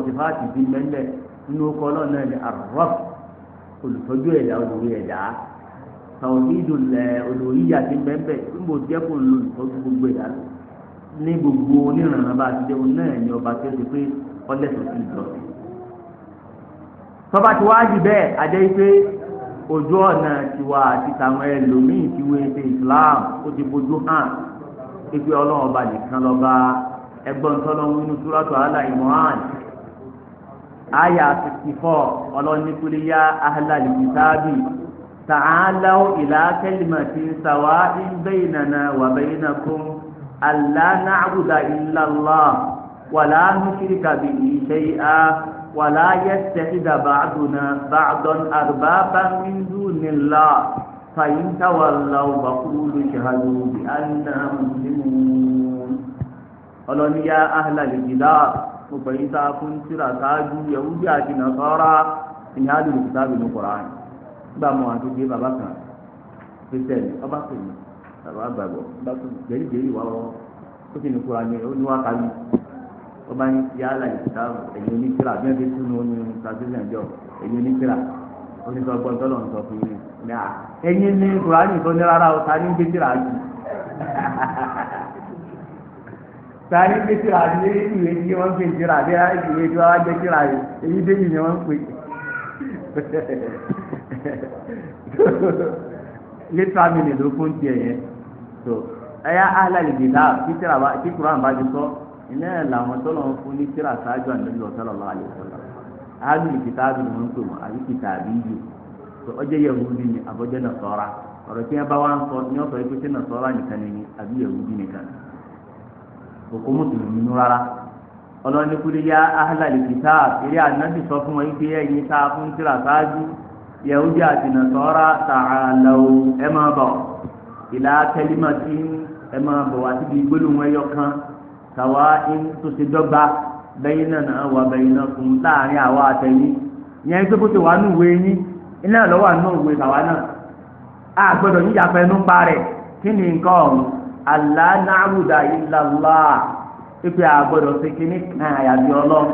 nínú ọkọ ọlọ́run náà ni arọ́f olùtọ́jú ẹ̀dá olùwé ẹ̀dá tàwọn ìdùn lẹ̀ olùwé yíyà ti bẹ́ẹ̀ níbo jẹ́ kó ń lo olùtọ́jú gbogbo ẹ̀dá ní gbogbo onírànràn bá ti dé òun náà ni ọba tó ti pé ọlẹ́sọ̀ sí ìjọsìn tọ́ba ti wá jù bẹ́ẹ̀ adé pé ojú ọ̀nà tiwa àti tàwọn ẹlòmíì ti wé ṣe Islam ó ti bójú hàn pé ọlọ́run ọba nìkan lọ́ba ẹgbọ́n tọ́lọ́wínú túrọ́tọ̀ aláìmọ́ hàn aya sixty four ọlọ́nìkúlẹ̀ yá ahlal kitabi ta'alaw ila kalimatin sawa'in baynana wa baynakum alla na'buda illa Allah wa la nushrika bihi shay'a wa la yattakhidha ba'duna ba'dan arbaban min dunillah فإن تولوا فقولوا اشهدوا بأننا مسلمون قالوا يا أهل الكتاب gbogbo yìí tá a fún tíra ṣáájú yahudi àti nasara ìní àdìrí kìtàbí ní koran nígbà mọ àti gbé bàbá kan kristian ọba kìíní bàbá gbàgbọ́ bàbá jẹrí jẹrí wà wọ ó sì ní koran ní oníwà kálí ọba ní yálà ìkìtàbí ẹ̀yin oníkìlá bí wọ́n ti tún ní oní transition jọ onísọgbọ́n tọ́lọ̀ ń sọ fún yín ní sani pé tíra ní ìwé tí wọ́n pè tíra ní ìwé tí wọ́n jẹ́ tíra yìí èyí débi ni wọ́n pè. lítà mi lè ló fún tiẹ̀ yẹn tó ẹ̀yà kí kuran bá ti sọ ẹ̀ làwọn tó fún ní ni wọ́n pè àbí yìí tó ni àbọ̀jẹ́ ọ̀rọ̀ tí wọ́n bá ń sọ pé nìkan ni àbí nìkan kò mùsùlùmí nú rárá ọlọ́run ní kúlẹ̀ yá ahlali kitab eré ànábì sọ fún wọn pé ẹ̀yin tá a fún tíra ṣáájú yahudi àti nasara ta'alaw ẹ máa bọ̀ ìlà kalimatin ẹ máa bọ̀ wá síbi gbólóhùn ẹyọ kan tàwa ń tó ṣe dọ́gba bẹ́yìn náà wà bẹ́yìn náà fún láàrin àwa àtẹ̀yìn yẹn pé kó ti wà nù wé yín iná lọ́wọ́ àánú òwe tàwa náà àgbọ̀dọ̀ yíyàfẹ́ nú parẹ̀ kí ni nǹkan ọ̀hún ala na illa Allah àgbọ̀dọ̀ sí kíní kan àyàbí ọlọ́run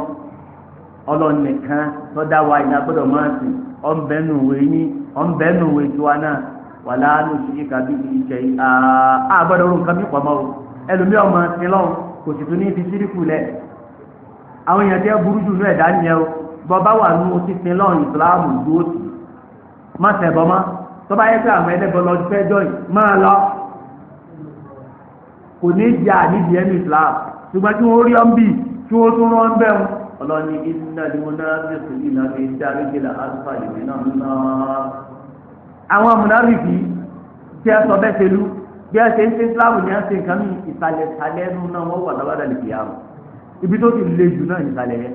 ọlọ́run nìkan lọ́dá wa ìlà máa sìn ọ̀nbẹ́nu òwe tiwa náà wà láàánú àgbọ̀dọ̀ orun kan bí pọ̀mọ́ o ẹlòmí ọmọ ti lọ́run kò sì tún ní fi síríkù lẹ̀ àwọn èèyàn tẹ́ burú jù ní ẹ̀dá nìyẹn o bọ́ba wà nù sísin lọ́run ìsìlámù dúró tì má sẹ̀bọ́ mọ́ tọ́ba yẹ pé àwọn ẹlẹ́gbọ́n fẹ́ kò ní jẹ àníbi ẹnu islam ṣùgbọ́n tí wọ́n rí ọ́n bì tí wọ́n tún rán bẹ́ẹ̀ wọn. ọlọ́ni iná ni wọ́n náà fi sùn ìlànà fi dárí gíga alfa ìwé náà ná. àwọn amúnábìbí jẹ́ sọ bẹ́ẹ̀ ṣe lú bí ẹ ṣe ń ṣe islam ní ẹ̀ṣẹ̀ nǹkan mi ìsàlẹ̀ ìsàlẹ̀ ẹnu náà wọ́n wà lábàdà lè fìyà mọ́ ibi tó ti le jù náà ìsàlẹ̀ yẹn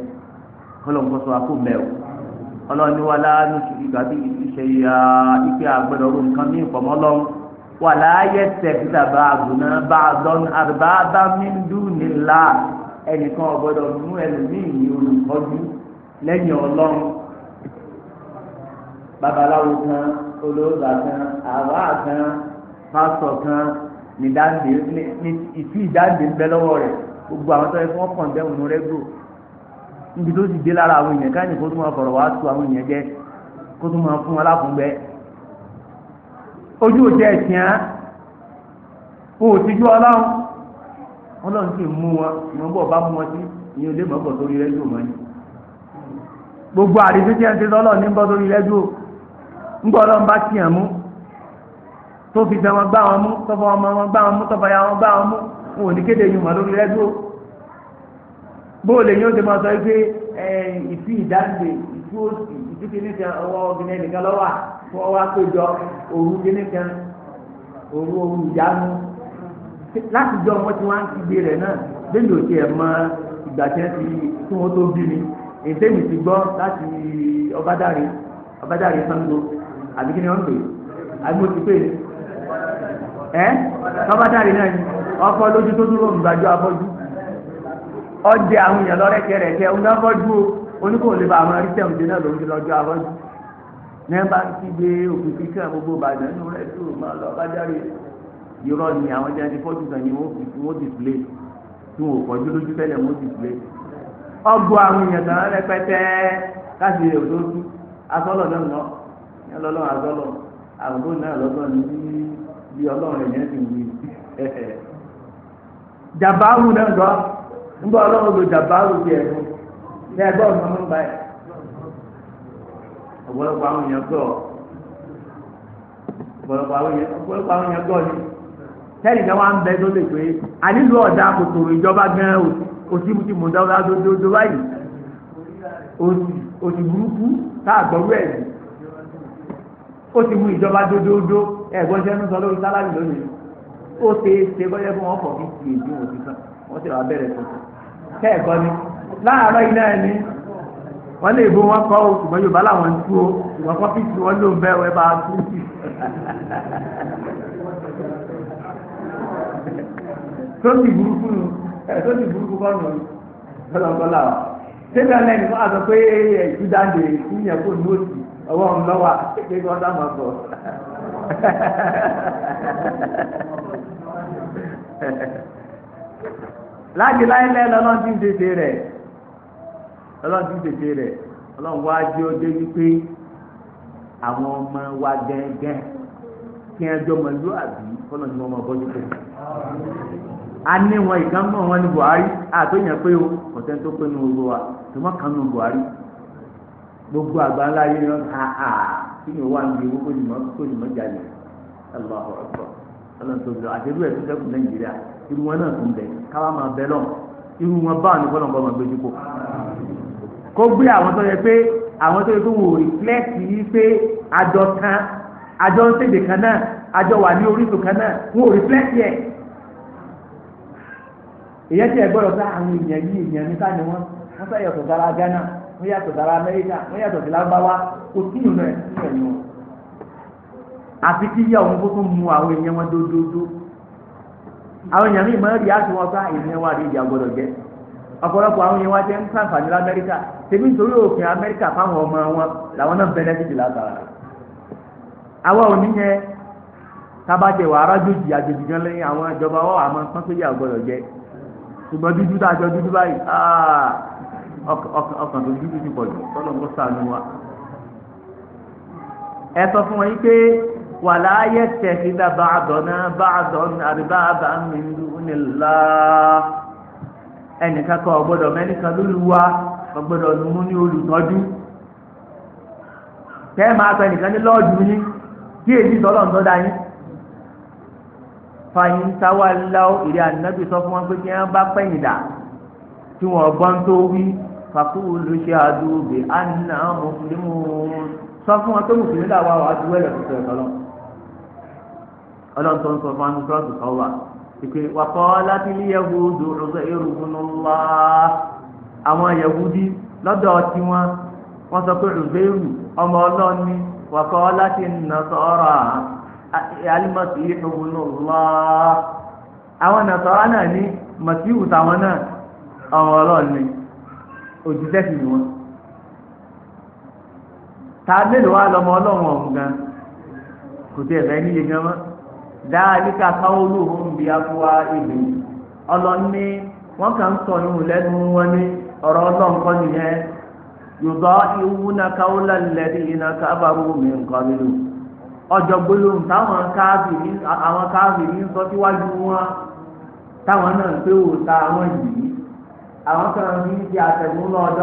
kọlọ̀ǹkọ́sọ akóńbẹ́ o ọlọ́ni wàlá nùsùlùmí gàdí ìṣẹ̀yà ìpè àgbẹ̀dọ̀rọ̀ nǹkan mi ìfọ̀mọ́lọ́run wàlá ayé tẹ̀síta bá àgùnà bá àdán àdùbá bá míndú nílá ẹnìkan ọ̀gbọ́dọ̀ mú ẹlòmíì ní olùkọ́jú lẹ́yìn ọlọ́run babaláwo kan olóògbà kan àwa kan pásọ kan ní ìtú ìdáǹdè ń bẹ lọ́wọ́ rẹ̀ gbogbo àwọn tó yẹ kí wọ́n kàn bẹ́ẹ̀ òun rẹ́ gbò níbi tó ti dé lára àwọn èèyàn káyọ̀ kó tún wọn fọ̀rọ̀ wá tu àwọn èèyàn jẹ kó tún wọn fún wọn láfún ojú òjẹ́ ẹ̀sìn á o ò tijú ọlọ́run ọlọ́run sì mú wọn ìwọ̀n bọ̀ bá mú wọn sí ìyẹn olè mọ̀ bọ̀ sórí gbogbo àdìsí tí ẹ ti sọ́lọ̀ ní bọ́ sórí rẹ́díò ńgbọ́ ọlọ́run bá tiẹ̀ mú tó fi fẹ́ wọn gbá wọn mú tọ́fọ́ ọmọ wọn gbá wọn mú ya wọn gbá wọn mú wọn ò ìdú òsì ìdú kìíní kan ọwọ́ obìnrin nìkan lọ́wọ́ fún ọwọ́ àpéjọ òru kìíní kan òru òru ìyanu láti jọ wọn tí wọn ti gbé rẹ náà lẹ́yìn òsì ẹ̀ mọ ìgbà tí wọn ti tí wọn tó bí mi ètèmi ti gbọ́ láti ọbádàrí ọbádàrí sango àbí kí ni wọ́n pè é àbí mo ti pè é ẹ́ ọbádàrí náà ni ọkọ lójú tó dúró ń gbàjọ afọ́jú ọjẹ àwọn èèyàn lọ́rẹ́kẹrẹkẹ ń gbàfọ́jú o oníkó lè bá àwọn arísẹ́ òde náà lòún ti lọ́jọ́ àwọ́jú nẹ́ẹ̀bá ń ti gbé òkú kíkẹ́ gbogbo ìbàdàn nínú rẹ̀ tó máa lọ bá járe irọ́ ni àwọn jẹ́ ẹni fọ́jú kan ni wọ́n dìplé tí wọn ò kọjú lójú tẹ́lẹ̀ wọ́n dìplé ọgbọ́ àwọn èèyàn kan rẹpẹtẹ láti rè òdòdó asọ́lọ̀ náà lọ ní ọlọ́lọ́run asọ́lọ̀ àgbo náà lọ́sọ̀ ní bí ọlọ́run ẹ̀yẹ́ ti wí jàbáwù náà lọ nígbà ọlọ́run lo jàbáwù bí ẹ̀fọn ní ẹgbẹ́ ọ̀nà mú báyìí ọ̀pọ̀lọpọ̀ àwọn èèyàn gbọ́ ọ̀pọ̀lọpọ̀ àwọn èèyàn gbọ́ ni tẹ́lẹ̀ náà wà ń bẹ tó lè pé ànílò ọ̀dà kòtòrò ìjọba gan òsì ti mú dáwọ́dá dódó báyìí òsì burúkú tá a gbọ́rú ẹ̀ ó ti mú ìjọba dódódó ẹ̀gbọ́n jẹ́ nínú sọ́lọ́run sálárì lónìí ó ṣe é ṣe bọ́jẹ́ fún wọn fọ̀ fífi èdè òsì kan wọ́n ti rà bẹ̀rẹ̀ tuntun kẹ́ẹ̀gbọ́n ni láàárọ̀ iná ẹni wọ́n lè bó kọ́ ṣùgbọ́n tú o ló ń bá tú sí. burúkú nù burúkú kọ́ nù ni wọ́n ìyẹn kò ní òsì ọwọ́ ń lọ́wọ́ wọ́n dá máa bọ̀. láti láyé lẹ́nu ọlọ́run ti ń rẹ̀. ọlọ́run ti tètè rẹ̀ ọlọ́run wá jẹ́ ó dé wípé àwọn ọmọ wa gẹ́gẹ́ kí ẹ jọ mọ ìlú àbí kọ́nà ni wọ́n mọ bọ́jú pé. a ní wọn o ọ̀tẹ́ tó pé nu gbogbo wa tó má Buhari gbogbo àgbà ńlá yìí wọn ká a kí ni wà níbi owó kóyìnbó kóyìnbó jalè tó irú wọn báwọn ní bọ́lọ̀ bọ́lọ̀ gbẹ́jú kó kó gbé àwọn tó yẹ pé àwọn tó yẹ pé wò yìí pé àjọ kan àjọ ń kan náà àjọ wà ní orísun kan náà wò tí ẹ gbọ́dọ̀ sá àwọn èèyàn yìí níta ni wọ́n wọ́n sá sára Ghana wọ́n yàtọ̀ sára Amẹ́ríkà wọ́n yàtọ̀ sí lágbáwá kò ẹ̀ àfi kí òun kó tó mu àwọn èèyàn míì máa ń rí àti wọn ká ènìyàn wà nídìí agbọ́dọ̀ jẹ́ ọ̀pọ̀lọpọ̀ àwọn èèyàn wá jẹ́ ń sàǹfààní lamẹ́ríkà tèmi nítorí òfin amẹ́ríkà fáwọn ọmọ wọn làwọn náà bẹ́ẹ̀ lẹ́sìtì látara àwa òní yẹn tábàjẹ́ wà arájòjì àjòjì gan lẹ́yìn àwọn ìjọba wọn àmọ́ pọ́n pé yà gbọ́dọ̀ jẹ́ ṣùgbọ́n dúdú tá a jọ dúdú báyìí ah, ọkàn wàlá ayé tẹ̀síta bàdọ̀nà bàdọ̀nà àríbàbà mìíràn nílá ẹnìkan kan ọ̀gbọ́dọ̀ mẹ́nìkan lóluwà ọ̀gbọ́dọ̀ mú ní olùtọ́jú tẹ́ máa sọ ẹnìkan ní lọ́ọ̀dù yín kí èyí sọ́lọ̀ ń tọ́da yín fàyín táwa láwọ ìrẹ ànábì sọ fún wọn pé kí wọn bá pẹ̀yìn dà tí wọn gbọ́n tó wí fàkúrú ló ṣe àdúgbò àná mùsùlùmí sọ fún wọn pé mùsùlùmí làwọn àwọn àdúgbò ẹ̀rọ tuntun ẹ̀tọ́ lọ ọlọ́run tó ń sọ fún anúkúrọ́ọ̀tù kan wà pípé wàkọ́ látìlí yahudu ọ̀sẹ̀ erùbùnúlá àwọn yahudi lọ́dọ̀ tiwọn wọ́n sọ pé ọ̀sẹ̀rù ọmọ ọlọ́run ni wàkọ́ láti nàṣọ́ra alimọ̀sí ìhùbùnúlá àwọn nàṣọ́ra náà ní màsíwù táwọn náà ọmọ ọlọ́run ni sì ni wọ́n ta mélòó wà lọ́mọ ọlọ́run dáadíkà káwọlù òun bí afúwa ìlú ọlọ́ni wọ́n kàn ń sọ ìhùn lẹ́nu wọn ní ọ̀rọ̀ ọlọ́nkọ́ nìyẹn yòdọ́ iwu na káwọlù lẹ́dí iná kábàrú mi nǹkan nínú ọjọ́ gbólóhùn táwọn káàbìrì àwọn káàbìrì ń sọ síwájú wọn táwọn náà ń wò ta àwọn yìí àwọn kan ní ti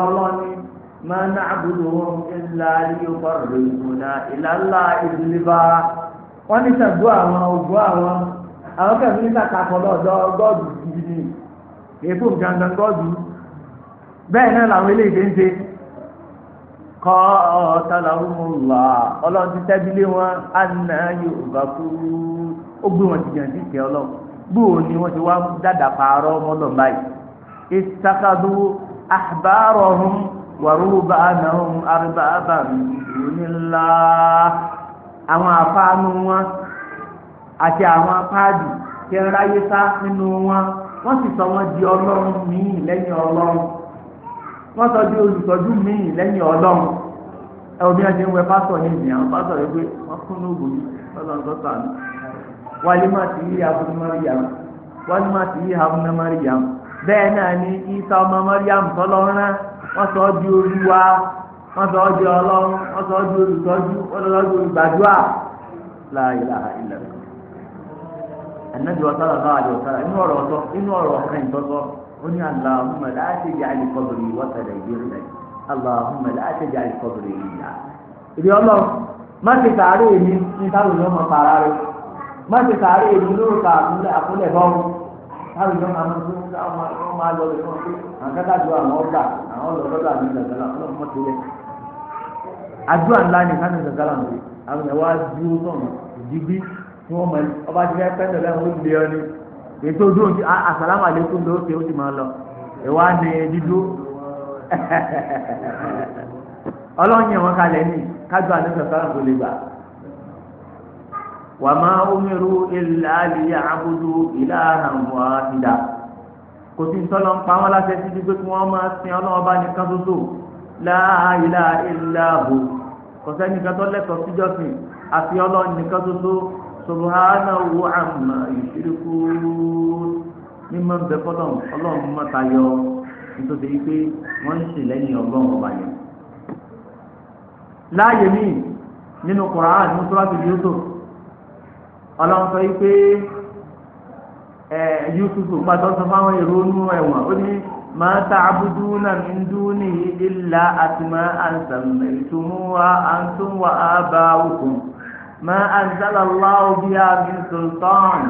ọlọ́ni máa ń náà àbúrò wọn wọ́n ní sàdó àwọn ògbó àwọn àwọn kẹfì ní sàkàkọ lọ́dọ̀ gọ́ọ̀dù gidi èèfò gangan gọ́ọ̀dù bẹ́ẹ̀ náà làwọn eléyìí ń kọ́ ọlọ́run ti tẹ́bílé wọn àná yorùbá kú ó gbé wọn sí ọlọ́run gbóò ni wọ́n ti wá pààrọ̀ ọmọlọ́run báyìí ìsàkàdù àbárọ̀ ọ̀hún wàrúbà náà àbàmì àwọn àfáànù wọn àti àwọn apáàdì tí ń ráyé sá nínú wọn wọ́n sì sọ wọ́n di ọlọ́run míì lẹ́yìn wọ́n sọ di olùtọ́jú míì lẹ́yìn ọlọ́run ẹ omi wẹ pásọ ní ìsìn àwọn pásọ yìí pé kún ní ògùn má ti yí bẹ́ẹ̀ náà ni isa ọmọ tọ́lọ́rán sọ di wọ́n sọ ọdí ọlọ́run wọ́n sọ ọdí olùtọ́jú wọ́n sọ ọdí olùgbàdúrà láàyèlá ilẹ̀ ẹ̀nẹ́bí ọ̀sára náà àjọ ọ̀sára inú ọ̀rọ̀ ọ̀tọ́ inú ọ̀rọ̀ ọ̀kan ìtọ́tọ́ ó ní aláhùnmẹ̀ láti jẹ́ àlìkọ́bìrì wọ́tẹ̀lẹ̀ ìbéèrè rẹ̀ aláhùnmẹ̀ láti jẹ́ àlìkọ́bìrì ìyá. ìdí ọlọ́run má ti sàárè mi ní táwọn èèyàn máa para rẹ̀ àdúrà ńlá ni kánú ìgbàgbọ́lá ń pè àwọn ìyàwó adúró sọ̀rọ̀ ìdígbí tí wọ́n mọ ọba ti fẹ́ pẹ́ tẹ̀lé àwọn olùdíyọ ni ètò ojú òjì àsàlámù àlékún ló ṣe ó sì máa lọ ìwà ni dídú ọlọ́run yẹn wọn kalẹ̀ ní kájú àdúrà sọ̀rọ̀ kò lè gbà wàmà omiru ìlàlíyà abudu ìlànà wàhídà kò sí ntọ́lọ́ ń pa wọ́n láṣẹ títí pé kí wọ́n máa sin ọlọ́ọ̀bá nìkan tó tó láàyè láà ìlà kò sẹ́ni kan tó lẹ́tọ̀ọ́ síjọ́sìn àfi ọlọ́run nìkan ṣoṣo subhanahu amma yushrikun mímọ́ bẹ fọlọ́ ọlọ́run mọ́ tayọ nítorí yìí pé wọ́n ń sìn lẹ́yìn ọlọ́run ọba yẹn. láàyè mi nínú Qur'an ní sọ́láṣí Yusuf ọlọ́run sọ yìí pé Yusuf gbàdọ́ sọ fáwọn èrò inú ẹ̀wọ̀n ó ní. ما تعبدون من دونه إلا أسماء سميتموها أنتم وآباؤكم ما أنزل الله بها من سلطان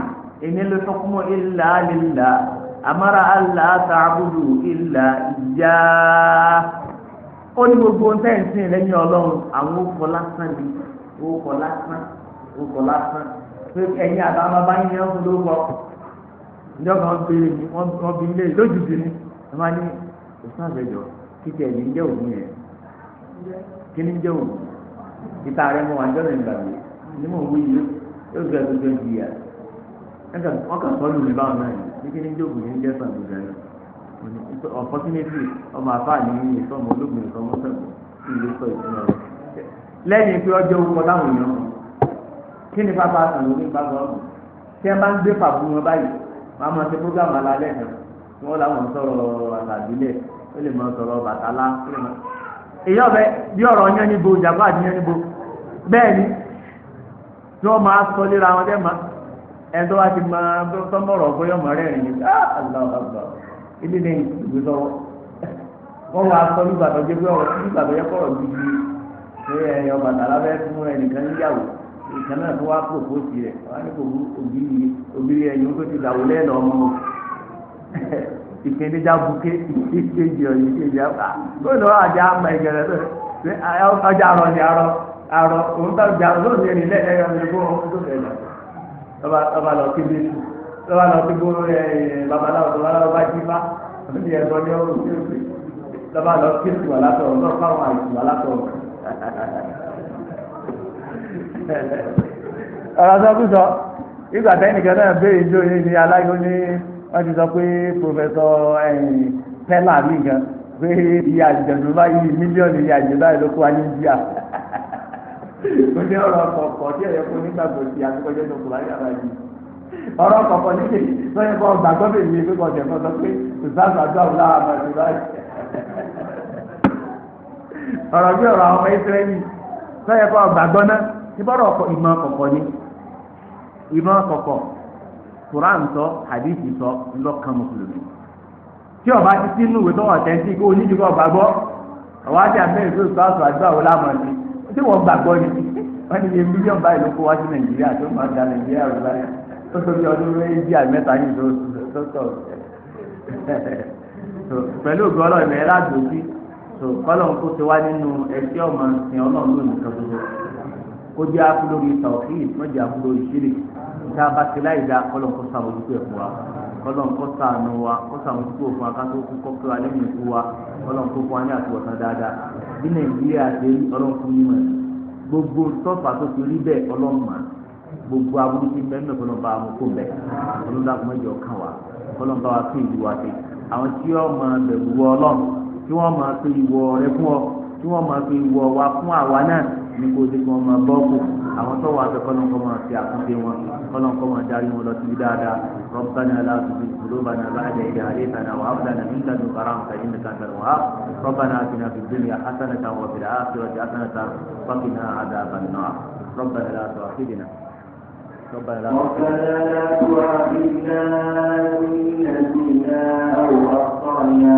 إن الحكم إلا لله أمر أن لا تعبدوا إلا إياه ó ní gbogbo ohun tẹ́yìn sí lẹ́yìn ọlọ́run àwọn òkò lásán ni òkò lásán òkò lásán pé ẹ̀yin àbámọ́ bá ń yẹ ọ́n lóko ìjọba ń béèrè ni wọ́n bí ń lójijì ni ẹ máa ní òsán àgbẹjọ títẹ ní jẹ òun yẹn kí ni jẹ òun títà rẹ mọ àjọ rẹ gbàgbé ni mò ń wí yìí yóò gbé ẹgbẹ gbé yà ẹgbẹ wọn kàn sọ báwọn náà ní kí ni jẹ òun yẹn jẹ sàn gbogbo ẹ unfortunately ọmọ àbá ní ìsọmọ ológun ìsọmọ sẹgbọn tí ìlú sọ ìsúná rẹ lẹ́yìn pé ọjọ́ orúkọ láwọn èèyàn kí ni bàbá àtàwọn onígbàgbọ́ ọ̀hún tí ẹ bá ń gbé pàbó wọn báyìí wọn máa ṣe program alálẹ́ kan tí wọ́n làwọn sọ̀rọ̀ àtàbílẹ̀ ó lè mọ sọ̀rọ̀ bàtálá ó lè mọ. èyí ọ̀bẹ bí ọ̀rọ̀ yẹn níbo jàgbá àti yẹn níbo bẹ́ẹ̀ ni tí wọ́n máa sọ léra wọn dẹ́ máa ẹni tó bá ti máa tọ́mọ̀rọ̀ bóyá ọmọ rẹ̀ rìn ní ilé ní ìgbé lọ́wọ́ wọ́n wá sọ nígbà tó jẹ́ pé ọ̀rọ̀ nígbà tó yẹ kọ̀rọ̀ gidi pé ẹ̀yọ bàtà lábẹ́ fún ẹnìkan níyàwó ìkan náà tó wá pòpó sí rẹ̀ wọ́n á ní kò obìnrin ẹ̀yìn tó ti dàwó lẹ́ẹ̀lọ́ ọmọ ìkéde já buké ìkéde ọ̀yìn ìkéde àpá lónìí àjà àmà ìgẹ̀rẹ̀ lónìí ọjà àrọ̀ ni àrọ̀ àrọ̀ òun bá jà lónìí ẹni lẹ́yìn ẹ̀yọ́ mi fún ọkùnrin tó fẹ̀lẹ̀ lọ́ba lọ kéde sùn lọ́ba lọ kéde bóró ẹ̀ babaláwo babaláwo bá jí fá lónìí ẹ̀gbọ́n ní ọ̀rùn tó fẹ̀ lọ́ba lọ kéde sùn alátọ̀ lọ́ba fáwọn àìsùn alátọ̀ ọ̀rọ̀ sọ́kùsọ ìgbà tẹ́nìkan náà béèrè ìjọ wọ́n ti sọ pé pòfẹ́sọ pẹ́lá eh, mi gan pé iye àjẹ̀dù báyìí mílíọ̀nù iye àjẹ̀dù báyìí ló kó wa ní india ó ní ọ̀rọ̀ ọ̀kọ̀ọ̀kọ̀ tí ẹ̀yẹ fún nígbàgbọ́ sí àtúkọ̀jẹ́ tó kù láyé àbáyé ọ̀rọ̀ ọ̀kọ̀ọ̀kọ̀ níbi lọ́yẹ̀ bọ́ gbàgbọ́ bèbí yẹn pé kọ̀ọ̀jẹ̀ fọ́ sọ pé ìsáàsì àdúrà wò lára àbáyé báyìí ọ̀rọ̀ Quran sọ hadithi sọ ńlọkàn mùsùlùmí tí ọba ti sínú ìwé tó ọ̀tẹ́ntì kó onídìgbò ọba gbọ́ ọwọ́ àti abẹ́rẹ́ tó sọ àṣọ àdúrà wọlé àmọ́ ni tí wọ́n gbàgbọ́ ni wọ́n ní iye mílíọ̀nù báyìí ló kó wá sí Nàìjíríà tó máa da Nàìjíríà rẹ̀ báyìí tó tó bí ọdún méjì àti mẹ́ta yìí tó tọ̀ pẹ̀lú ògùn ọlọ́run ẹ̀rẹ́ ládòójì kọ́lọ́run kó ti wá nínú ẹtí ọmọ ìsìn ọlọ́run lónìí kan tó kó jẹ́ akú lórí tàwọ́fíì mọ́jà akú lórí ṣírìkì tá a bá ti láì dáa kọ́lọ̀ ń kọ́ sàmójútó ẹ̀ fún wa kọ́lọ̀ ń kọ́ sànù wa kọ́ sàmójútó fún wa ká tó kú kọ́kọ́ alẹ́ mi fún wa kọ́lọ̀ ń kó fún wa ní àtiwọ̀tán dáadáa bí nàìjíríà ṣe rí ọlọ́run fún yín mọ̀ gbogbo tọ́fà tó ti rí bẹ́ẹ̀ ọlọ́run gbogbo aburú ti bẹ́ẹ̀ mẹ́fọ́ lọ́ba àwọn kó bẹ́ẹ̀ ọlọ́run dàgbọ́n wa pé wa fún ọ wa àwọn tó wà bẹ́ẹ̀ kọ́nà kọ́ máa fi àtúnṣe wọn kọ́nà kọ́ máa darí wọn lọ síbi dáadáa ربنا لا تزغ قلوبنا بعد إذ هديتنا وهب لنا من لدنك رحمة إنك أنت الوهاب ربنا آتنا في الدنيا حسنة وفي الآخرة حسنة وقنا عذاب النار ربنا لا تؤاخذنا ربنا لا تؤاخذنا إن نسينا أو أخطأنا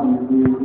wà ní pé